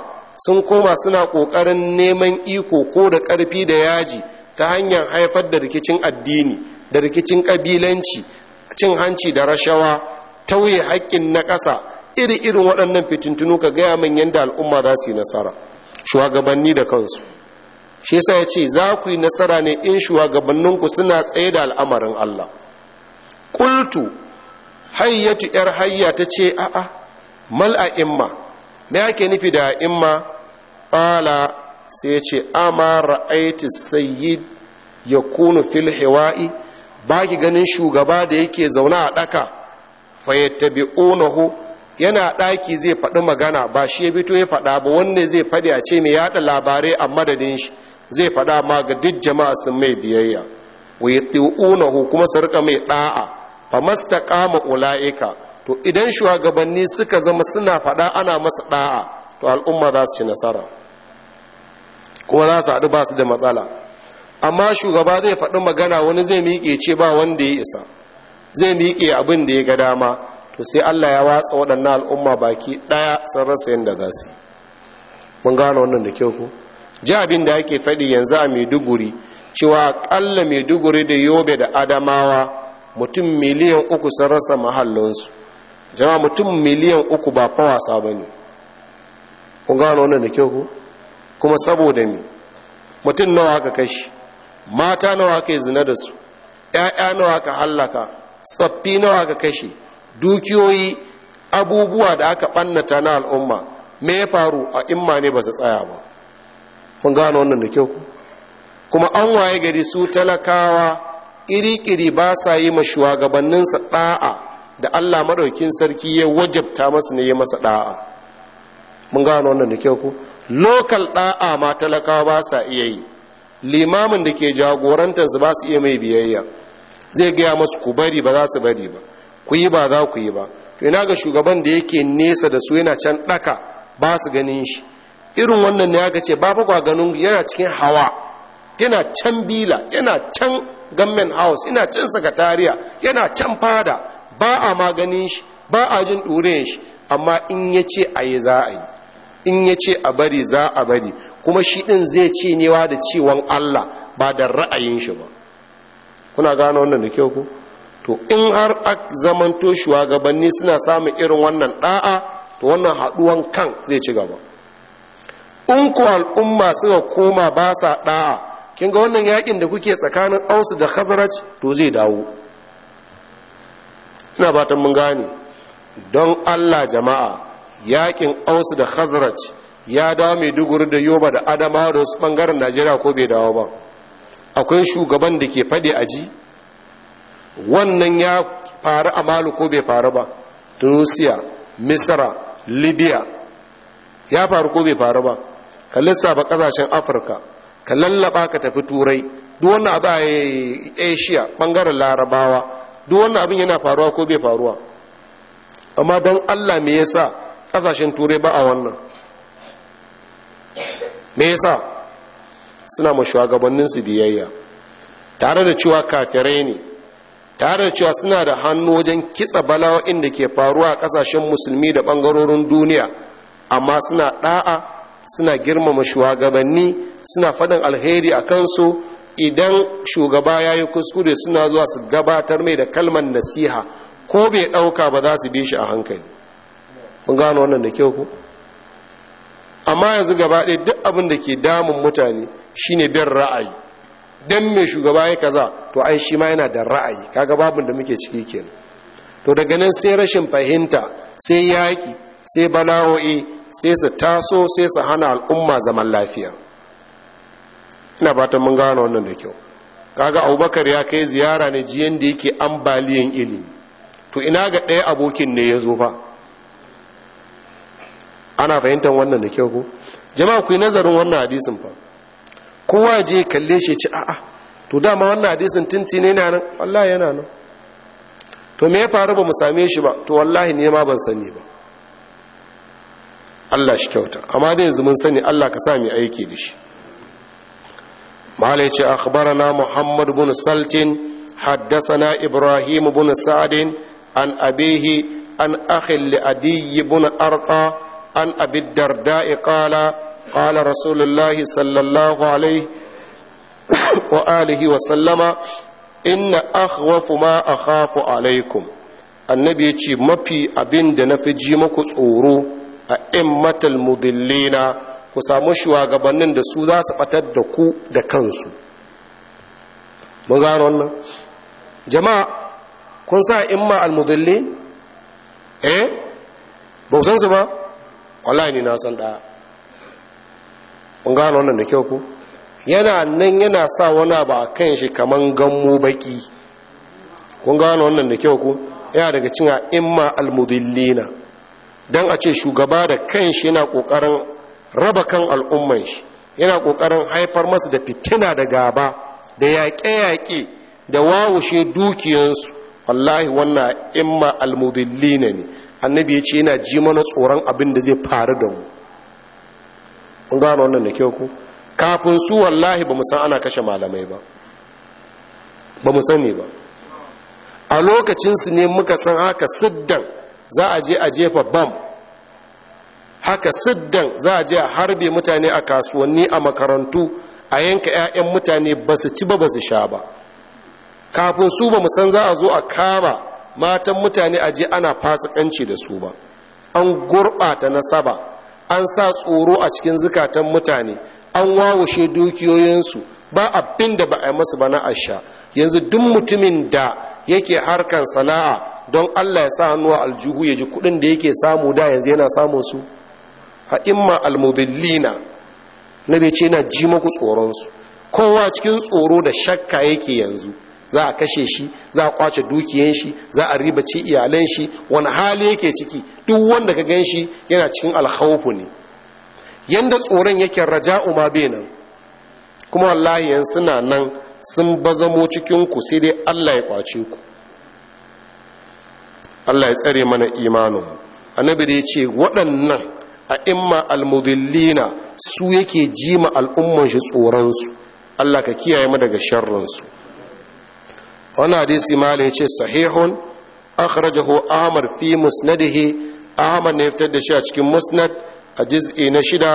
sun koma suna ƙoƙarin neman iko ko da ƙarfi da yaji ta hanyar haifar da rikicin addini da rikicin ƙabilanci cin hanci da rashawa tauye haƙƙin na ƙasa iri irin waɗannan fitintunu ka gaya min yadda al'umma za su yi nasara shugabanni da kansu shi yasa ya ce za ku yi nasara ne in shugabanninku suna tsaye da al'amarin Allah kultu hayyatu yar hayya ta ce a'a mal a imma me ake nufi da imma bala sai ya ce ama ra'aiti sayyid kuna fil hiwa'i ba ki ganin shugaba da yake zaune a ɗaka. daka fayattabi'unahu yana ɗaki zai faɗi magana ba shi ya fito ya faɗa ba wanne zai faɗi a ce mai yaɗa labarai a madadin shi zai faɗa ma ga duk jama'a sun mai biyayya wa yi tsi'unahu kuma su rika mai ɗa'a fa masta kama ula'ika to idan shugabanni suka zama suna faɗa ana masa ɗa'a to al'umma za su ci nasara kuma za su haɗu ba su da matsala amma shugaba zai faɗi magana wani zai miƙe ce ba wanda ya isa zai miƙe abin da ya ga dama to sai Allah ya watsa waɗannan al'umma baki ɗaya sun rasa yadda za su mun gano wannan da kyau ku ji abin da yake faɗi yanzu a maiduguri cewa ƙalla maiduguri da yobe da adamawa mutum miliyan uku sun rasa mahallonsu jama mutum miliyan uku ba fawasa ba ne kun gano wannan da kyau ku kuma saboda me mutum nawa aka kashi mata nawa aka yi zina da su ‘ya'ya nawa aka hallaka tsaffi nawa aka kashe dukiyoyi abubuwa da aka ɓannata na al'umma me ya faru a imma ne ba su tsaya ba kun gano wannan da kyau kuma an waye gari su talakawa iri-iri ba sa yi ma shugabanninsa ɗa'a da allah maɗaukin sarki ya wajabta masu ne ya masa ɗa'a mun gano wannan da kyau ku lokal ɗa'a ma talakawa ba sa iya yi limamin da ke jagorantarsu ba su iya mai biyayya zai gaya masu ku bari ba za su bari ba ku yi ba za ku yi ba to ina ga shugaban da yake nesa da su yana can ɗaka ba su ganin shi irin wannan ne aka ce ba fa kwa ganin yana cikin hawa yana can bila yana can gammen house yana can sakatariya yana can fada ba a ma ganin shi ba a jin ɗure shi amma in ya ce a yi za a yi in ya ce a bari za a bari kuma shi ɗin zai ce newa da ciwon allah ba da ra'ayin shi ba kuna gano wannan da kyau ku to in har a zamanto shugabanni suna samun irin wannan da'a to wannan haɗuwan kan zai ci gaba in ku al'umma suka koma ba sa da'a kin ga wannan yakin da kuke tsakanin ausu da khazraj to zai dawo ina fatan mun gane don Allah jama'a yakin ausu da khazraj ya dawo mai da yoba da adama da wasu bangaren najeriya ko bai dawo ba akwai shugaban da ke faɗi aji wannan ya faru a malu ko bai faru ba tunisia misra libya ya faru ko bai faru ba ka lissafa kasashen afirka ka lallaba ka tafi turai duk wannan abu a asia bangaren larabawa duk wannan abin yana faruwa ko bai faruwa amma don allah me yasa kasashen turai ba a wannan me yasa suna ma shugabanninsu biyayya tare da cewa kafirai ne tare da cewa suna da hannu wajen kitsa bala'o'in da ke faruwa a kasashen musulmi da bangarorin duniya amma suna ɗa'a suna girmama shugabanni suna faɗin alheri a kansu idan shugaba ya yi kuskure suna zuwa su gabatar mai da kalmar nasiha ko bai ɗauka ba za su bi shi a hankali kun gano wannan da kyau ku amma yanzu gaba ɗaya duk abin da ke damun mutane shine bin ra'ayi dan mai shugaba ya kaza to ai shi ma yana da ra'ayi kaga babin da muke ciki kenan to daga nan sai rashin fahimta sai yaƙi sai bala'o'i sai su taso sai su hana al'umma zaman lafiya ina fatan mun gano wannan da kyau kaga abubakar ya kai ziyara ne jiyan da yake ambaliyan ilimi to ina ga ɗaya abokin ne ya zo fa ana fahimtar wannan da kyau ko jama'a ku yi nazarin wannan hadisin fa kowa je kalle shi ci a'a to dama wannan hadisin tinti ne yana nan wallahi yana nan to me ya faru ba mu same shi ba to wallahi ne ma ban sani ba Allah shi kyauta amma da yanzu mun sani Allah ka sa mu aiki da shi malai ce akhbarana Muhammad bin Saltin haddathana Ibrahim bin Sa'd an abihi an akhil li Adi bin Arqa an Abi darda'i qala قال رسول الله صلى الله عليه وآله وسلم إن أخوف ما أخاف عليكم annabi ya ce mafi abin da na fi ji maku tsoro a immatal mudillina ku samu shugabannin da su za su batar da ku da kansu mun gano wannan jama'a kun sa imma al-mudillin eh ba ku san su ba wallahi ni na san ɗaya gano wannan da kyau ku yana nan yana sa wani ba a kan shi kaman gammo baki kun gano wannan da kyau ku yana daga cin a imma almudillina don a ce shugaba da kan shi yana kokarin raba kan al'umman shi yana kokarin haifar masa da fitina da gaba da yaƙe-yaƙe da wawushe dukiyansu wallahi wannan imma almudillina ne annabi ya ce yana ji mana tsoron abin da zai faru da mu kun gano wannan da kyau ku kafin su wallahi ba san ana kashe malamai ba ba mu sani ba a lokacinsu ne muka san haka siddan za a je a jefa bam haka siddan za a je a harbe mutane a kasuwanni a makarantu a yanka 'ya'yan mutane ba su ci ba ba su sha ba kafin su ba san za a zo a kama matan mutane a je ana fasikanci da su ba an gurɓata nasaba an sa tsoro a cikin zukatan mutane an wawashe dukiyoyinsu ba abin da ba a yi masu ba na asha yanzu duk mutumin da yake harkan sana'a don allah ya sa hannu aljihu ya ji kudin da yake samu da yanzu yana samun su fa imma almudillina na bai ce na ji maku tsoronsu kowa cikin tsoro da shakka yake yanzu za a kashe shi za a kwace dukiyan shi za a ci iyalan shi wani hali yake ciki duk wanda ka gan shi yana cikin alhaufu ne Yadda tsoron yake raja ma nan, kuma wallahi yan suna nan sun bazamo cikinku, sai dai Allah ya kwace ku Allah ya tsare mana imanin annabi da ya ce waɗannan a imma almudillina su yake jima al'umman shi tsoronsu Allah ka kiyaye mu daga sharrinsu wannan hadisi malai ce sahihun akhrajahu ahmad fi musnadihi ahmad ne fitar da shi a cikin musnad a juz'i na shida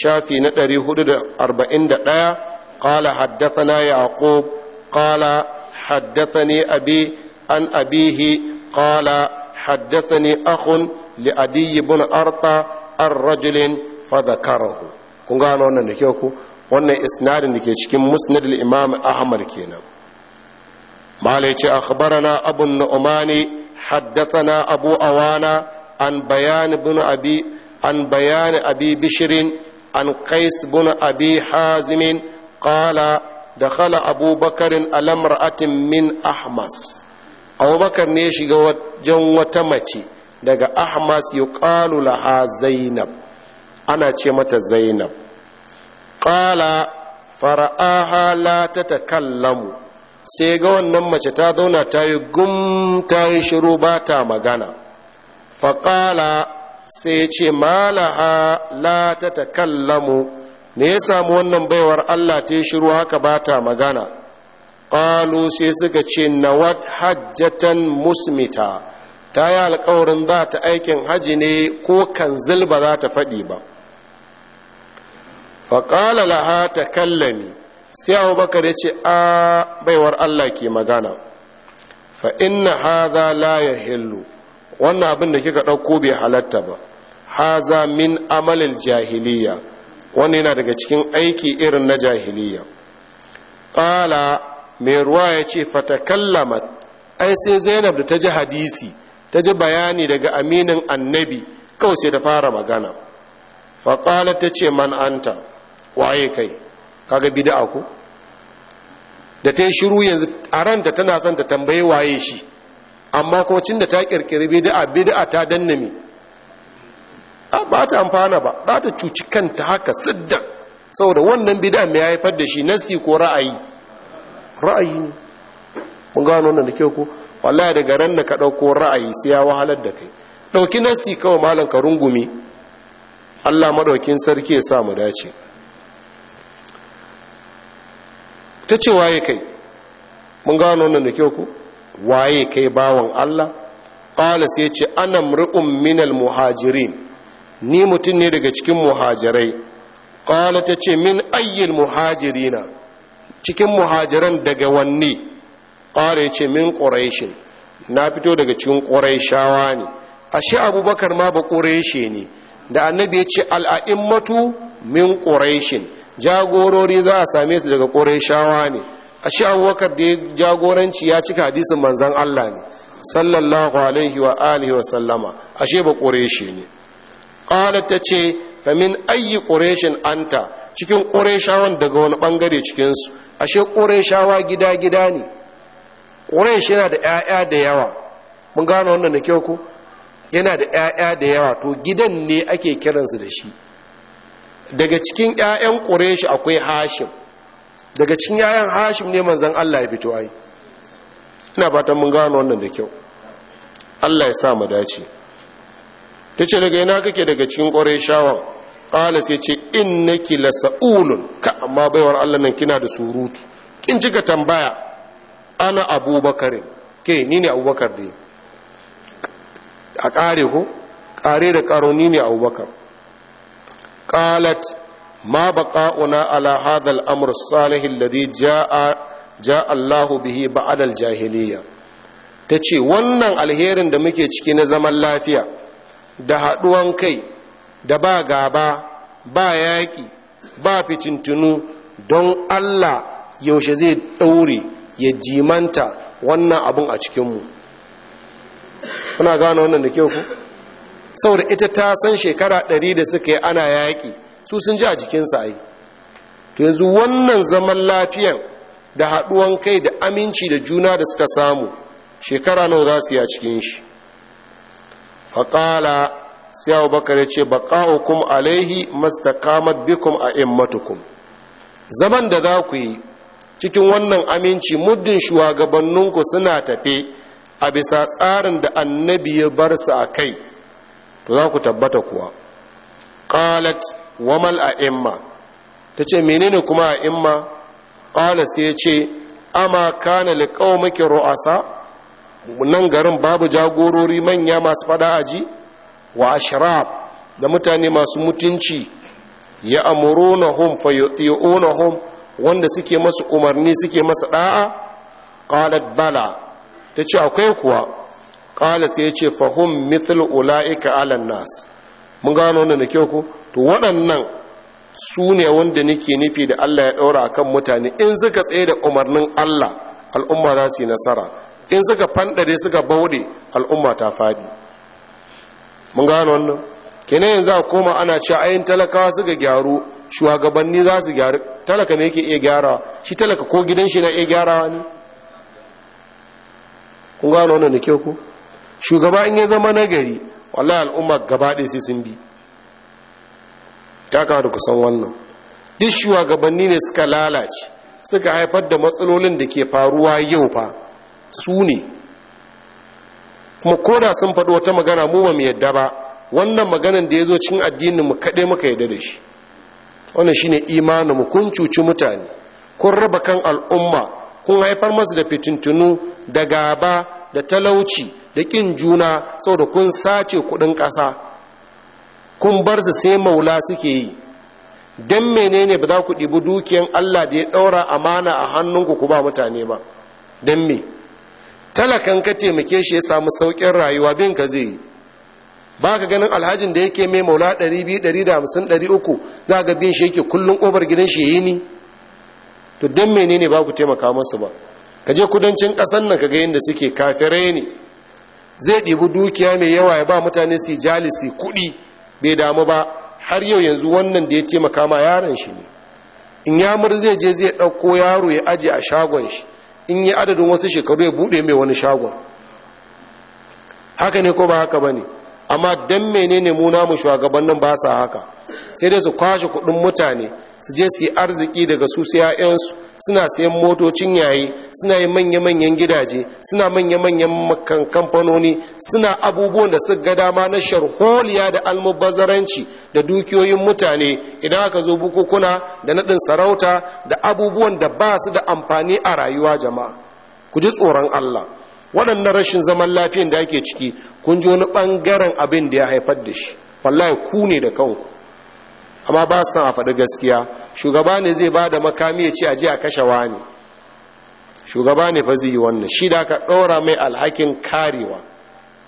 shafi na 441 qala haddathana yaqub qala haddathani abi an abihi qala haddathani akhun li adi ibn arta ar-rajulin fadhakarahu kun gano wannan da kyau ku wannan isnadin da ke cikin musnadin al-imam ahmad kenan malai ce akhbarana abun nu'mani haddathana abu awana an bayan ibn abi an bayani abi bishirin an qais ibn abi hazim qala dakhala abu bakarin alamar mar'atin min ahmas abubakar ne shiga wajen wata mace daga ahmas yuqalu laha zainab ana ce mata zainab qala fara'aha la tatakallamu sai ga wannan mace ta zauna ta yi gum ta yi shiru ba ta magana faƙala sai ya ce malaha la ta ta kallamu. ne ya samu wannan baiwar allah ta yi shiru haka ba ta magana ƙalu sai suka ce nawat hajjatan musmita ta yi alkawarin za ta aikin haji ne ko kanzil ba za ta faɗi ba faƙala laha ta kallami sai bakar ya ce a baiwar allah ke magana fa inna haza la hillu wannan abin da kika ɗauko bai halatta ba haza min amalil jahiliya wannan yana daga cikin aiki irin na jahiliya ƙala mai ruwa ya ce fatakallamat ai sai zainab da ta ji hadisi ta ji bayani daga aminin annabi kawai sai ta fara magana faƙala ta ce man anta waye kai kaga bid'a ko da ta yi shiru yanzu a ran da tana son ta tambaye waye shi amma kuma cin da ta kirkiri bid'a bid'a ta danna mi ba ta amfana ba ba ta cuci kanta haka sidda. saboda wannan bid'a mai haifar da shi nasi ko ra'ayi ra'ayi mun gano wannan da kyau ko wallahi daga ran da ka dauko ra'ayi sai ya wahalar da kai dauki nasi kawai malam ka rungumi Allah madaukin sarki ya sa mu dace ta ce waye kai mun gano wannan da kyau ku waye kai bawan Allah qala sai ce ana mru'um minal muhajirin ni mutum ne daga cikin muhajirai qala ta ce min ayyil muhajirina cikin muhajiran daga wanne qala ya ce min quraish na fito daga cikin quraishawa ne ashe abubakar ma ba quraishi ne da annabi ya ce al'a'immatu min quraishin jagorori za a same su daga ƙorai shawa ne a shi abubakar da jagoranci ya cika hadisin manzan Allah ne sallallahu alaihi wa alihi wa sallama ashe ba shi ne ƙalar ta ce famin ayi ƙoreshin anta cikin ƙorai shawan daga wani ɓangare cikinsu ashe shawa gida-gida ne Ƙorai shi yana da 'ya'ya da yawa mun gano wannan da kyau ku yana da 'ya'ya da yawa to gidan ne ake kiransu da shi daga cikin 'ya'yan ƙureshi akwai hashim daga cikin 'ya'yan hashim ne manzan allah ya fito ai ina fatan mun gano wannan da kyau allah ya sa mu dace ta ce daga ina kake daga cikin ƙureshawan ƙala ya ce in naki la sa'ulun ka amma baiwar allah nan kina da surutu kin cika tambaya ana Abubakar? ke ni ne abubakar dai a ƙare ko ƙare da ƙaro ni ne abubakar قالت ما بقاؤنا ala هذا الامر الصالح الذي جاء جاء الله به Allahu bihi ba'da jahiliyya tace wannan alherin da muke ciki na zaman lafiya da haduwan kai da ba gaba ba yaki ba fitintunu don Allah yaushe zai daure ya jimanta wannan abun a cikinmu kuna gane wannan da kyau ku saboda ita ta san shekara ɗari da suka yi ana yaƙi su sun ji a jikinsa ai to yanzu wannan zaman lafiyan da haɗuwan kai da aminci da juna da suka samu shekara nawa za su yi a cikin shi faƙala sai bakar ya ce baƙa'ukum alaihi mastakamat bikum a immatukum zaman da za ku yi cikin wannan aminci muddin shugabanninku suna tafe a bisa tsarin da annabi ya bar su a kai to za ku tabbata kuwa qalat wamal a'imma tace menene kuma a a'imma qala sai ya ce ama kana liqaumiki ru'asa nan garin babu jagorori manya masu fada ji? wa ashrab da mutane masu mutunci ya amurunahum fayuti'unahum wanda suke masu umarni suke masa ɗa'a? qalat bala tace akwai kuwa qala sai ya ce Fahim Mithil ulaika alan nas mun gano wannan da kyau ku? to waɗannan su ne wanda nake nufi da Allah ya ɗaura akan mutane in suka tsaye da umarnin Allah al'umma za su yi nasara in suka fandare suka bauɗe al'umma ta faɗi, mun gano wannan kenan yanzu a koma ana cewa ayin talakawa suka gyaru shugabanni za su gyaru talaka ne yake iya gyara shi talaka ko gidan shi na iya gyara ne kun gano wannan da kyau ku? shugaba in ya zama nagari wallahi al'umma gaba ɗaya sai sun bi ya da kusan wannan duk shugabanni ne suka lalace suka haifar da matsalolin da ke faruwa yau fa su ne kuma koda sun faɗo wata magana mu ba mu yadda ba wannan maganan da ya zo cikin addinin mu kaɗai muka yadda da shi wannan shine imanin mu kun cuci mutane kun raba kan al'umma kun haifar masu da fitintunu da gaba da talauci da ƙin juna saboda kun sace kuɗin ƙasa kun bar su sai maula suke yi don menene ba za ku ɗibi dukiyan allah da ya ɗaura amana a hannunku ku ba mutane ba don me talakan ka taimake shi ya samu sauƙin rayuwa bin ka zai yi ba ka ganin alhajin da yake mai maula 200 300 za ga bin shi yake kullum ƙofar gidan shi yi ni to don menene ba ku taimaka masu ba ka je kudancin ƙasan nan ka ga yadda suke kafirai ne zai ɗibi dukiya mai yawa ya ba mutane su jalisi kuɗi bai damu ba har yau yanzu wannan da ya taimaka ma yaron shi ne in yamur zai je zai ɗauko yaro ya aje a shagon shi in yi adadin wasu shekaru ya buɗe mai wani shagon haka ne ko ba haka ba ne amma don menene mu namu nan ba sa haka sai dai su kwashe kuɗin mutane su je su yi arziki daga su yayansu suna sayan motocin yayi suna yi manya-manyan gidaje suna manya-manyan makan kamfanoni suna abubuwan da suka ga dama na sharholiya da almubazzaranci da dukiyoyin mutane idan aka zo bukukuna da naɗin sarauta da abubuwan da ba su da amfani a rayuwa jama'a ku ji tsoron allah waɗannan rashin zaman lafiyan da ake ciki kun ji wani ɓangaren abin da ya haifar da shi wallahi ku ne da kanku amma ba su san a faɗi gaskiya shugaba ne zai ba da makami ya ce a ji a kashe wani shugaba ne fa zai yi wannan shi da aka ɗora mai alhakin karewa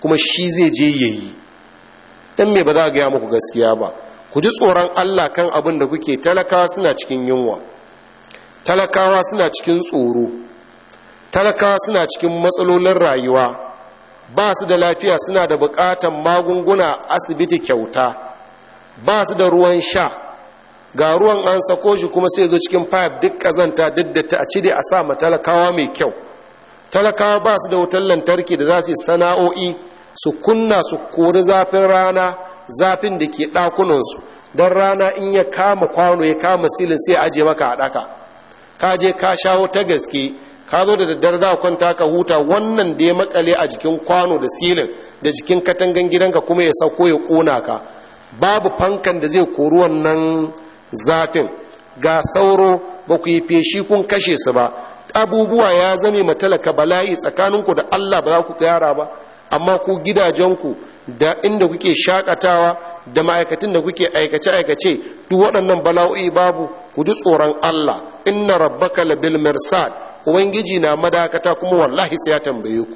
kuma shi zai je ya yi don me ba za a gaya muku gaskiya ba ku ji tsoron allah kan abin da kuke talakawa suna cikin yunwa talakawa suna cikin tsoro talakawa suna cikin matsalolin rayuwa ba su da lafiya suna da bukatan magunguna asibiti kyauta ba su da ruwan sha ga ruwan an sako shi kuma sai zo cikin fayar duk kazanta duk da ta a cire a sa ma talakawa mai kyau talakawa ba su da wutar lantarki da za su yi sana'o'i su kunna su kori zafin rana zafin da ke ɗakunansu don rana in ya kama kwano ya kama silin sai aje maka a ɗaka ka je ka shawo ta gaske ka zo da daddare za kwanta ka huta wannan da ya makale a jikin kwano da silin da jikin katangan gidanka kuma ya sauko ya ƙona ka babu fankan da zai kori wannan zafin ga sauro ba ku yi feshi kun kashe su ba abubuwa ya zame matalaka bala'i tsakaninku da Allah ba za ku gyara ba amma ku gidajenku da inda kuke shakatawa da ma'aikatan da kuke aikace-aikace duk waɗannan bala'o'i babu ku ji tsoron Allah inna rabbaka labil mirsad ubangiji na madakata kuma wallahi sai ya tambaye ku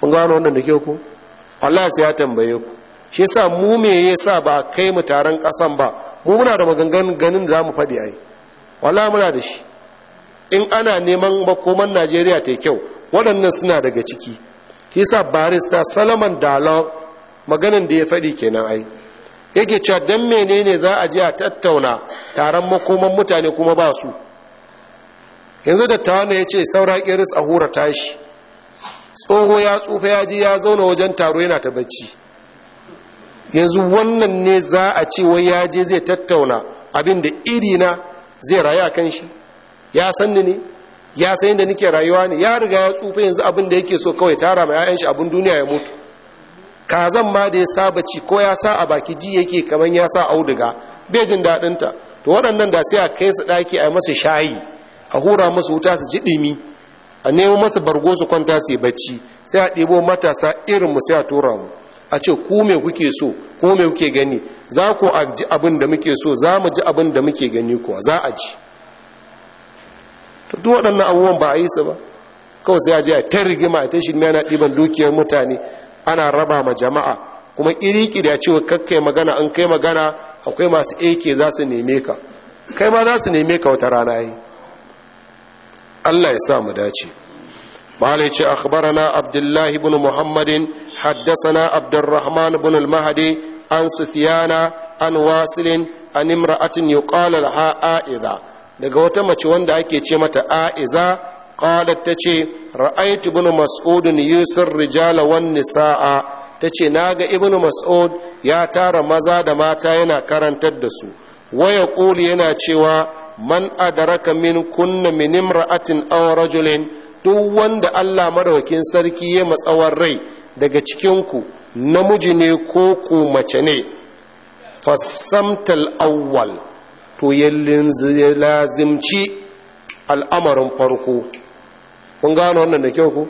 kun gano wannan da ke ku wallahi sai ya tambaye ku shi yasa mu me yasa ba kai mu taron kasan ba mu muna da maganganun ganin da zamu faɗi ai wallahi muna da shi in ana neman makoman Najeriya ta kyau waɗannan suna daga ciki shi yasa barista Salaman Dalo maganan da ya faɗi kenan ai yake cewa dan menene za a je a tattauna taron makoman mutane kuma ba su yanzu da tawana ya ce saura kiris a hura tashi tsoho ya tsufa ya ji ya zauna wajen taro yana ta bacci yanzu wannan ne za a ce wai ya je zai tattauna abin da irina zai rayu a kan shi ya san ne ya san yadda nake rayuwa ne ya riga ya tsufa yanzu abin da yake so kawai tara ma 'ya'yan shi abin duniya ya mutu kazan ma da ya saba ci ko ya sa a baki ji yake kamar ya sa auduga bai jin daɗin ta to waɗannan da sai a kai su ɗaki a masa shayi a hura masa wuta su ji ɗimi a nemo masa bargo su kwanta su yi bacci sai a ɗebo matasa irin mu sai a tura mu a ce ku me kuke so ko me kuke gani za ku ji abin da muke so za mu ji abin da muke gani kuwa za a ji duk waɗannan abubuwan ba a yi su ba kawai sai a je a ta rigima ta shi na ɗiban dukiyar mutane ana raba ma jama'a kuma iriki da cewa kakkai magana an kai magana akwai masu ake za su neme ka kai ma za su neme ka wata rana yi allah ya sa mu dace malai ce akhbarana abdullahi ibn muhammadin حدثنا عبد الرحمن بن المهدي عن سفيان عن واصل عن امرأة يقال لها آئذة daga wata mace wanda ake ce mata a'iza qalat tace ra'aytu ibn mas'ud yusir rijala wan nisaa tace naga ibn mas'ud ya tara maza da mata yana karantar da su waya quli yana cewa man adaraka min kunna min imra'atin aw rajulin duk wanda Allah madaukakin sarki ya matsawar rai daga cikinku namiji ne ko ku mace ne fassamtal awwal to ya lazimci al'amarin farko kun gano wannan da kyau ku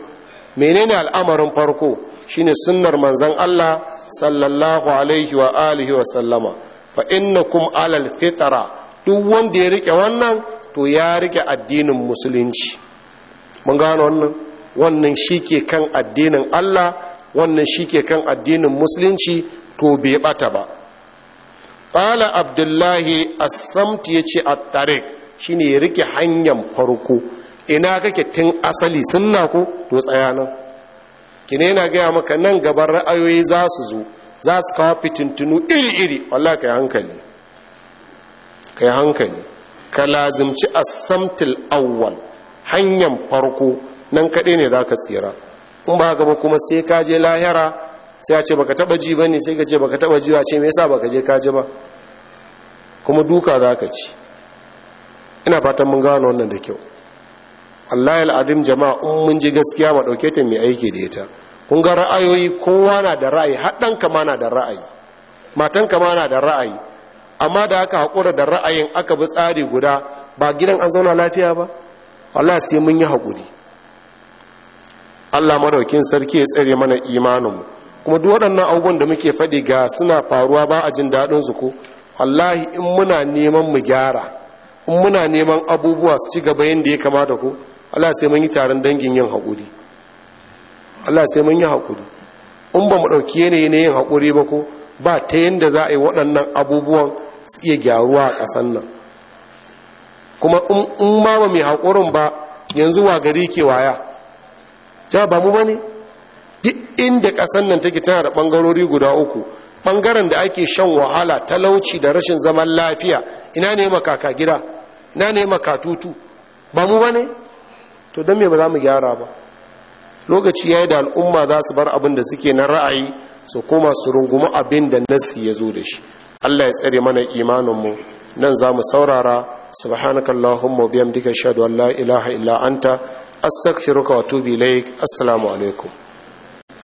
menene al'amarin farko shine sunnar manzon Allah sallallahu alaihi wa alihi wa sallama fa innakum alal fitra duk wanda ya rike wannan to ya rike addinin musulunci mun gano wannan wannan shi kan addinin Allah wannan shi ke kan addinin musulunci to bai bata ba ƙala abdullahi assamti ya ce a tarik shi ne ya rike hanyar farko ina kake tun asali sunna ko to tsaya nan kine yana gaya maka nan gaban ra'ayoyi za su zo za su kawo fitintunu iri-iri wallah ka yi hankali ka yi hankali ka lazimci assamtil awwal hanyar farko nan kaɗai ne za ka tsira in ba ga kuma sai ka je lahira sai a ce baka taba ji bane sai ka ce baka taba ji a ce me yasa baka je ka ji ba kuma duka zaka ci ina fatan mun gano wannan da kyau wallahi al'adim jama'a in mun ji gaskiya ma dauke ta mai aiki da ita kun ga ra'ayoyi kowa na da ra'ayi ka ma na da ra'ayi matan ka ma na da ra'ayi amma da aka hakura da ra'ayin aka bi tsari guda ba gidan an zauna lafiya ba wallahi sai mun yi hakuri. Allah madaukin sarki ya tsare mana imanin mu kuma duk waɗannan abubuwan da muke faɗi ga suna faruwa ba a jin daɗin su ko wallahi in muna neman mu gyara in muna neman abubuwa su ci gaba yadda ya kamata ko Allah sai mun yi taron dangin yin haƙuri Allah sai mun yi haƙuri in ba mu ɗauki yanayi na yin hakuri ba ko ba ta yadda za a yi waɗannan abubuwan su iya gyaruwa a ƙasan nan kuma in ma ba mai haƙurin ba yanzu wa gari ke waya jama ba mu ba ne duk inda ƙasan nan take tana da bangarori guda uku ɓangaren da ake shan wahala talauci da rashin zaman lafiya ina ne makaka gida ina ne makatutu ba mu ba ne to don me ba za mu gyara ba lokaci ya yi da al'umma za su bar abin da suke na ra'ayi su koma su rungumi abin da nassi ya zo da shi allah ya tsare mana imaninmu nan za mu saurara subhanakallahumma biyam dika shaɗu an la ilaha illa anta astaghfiruka wa tubi ilaik assalamu alaikum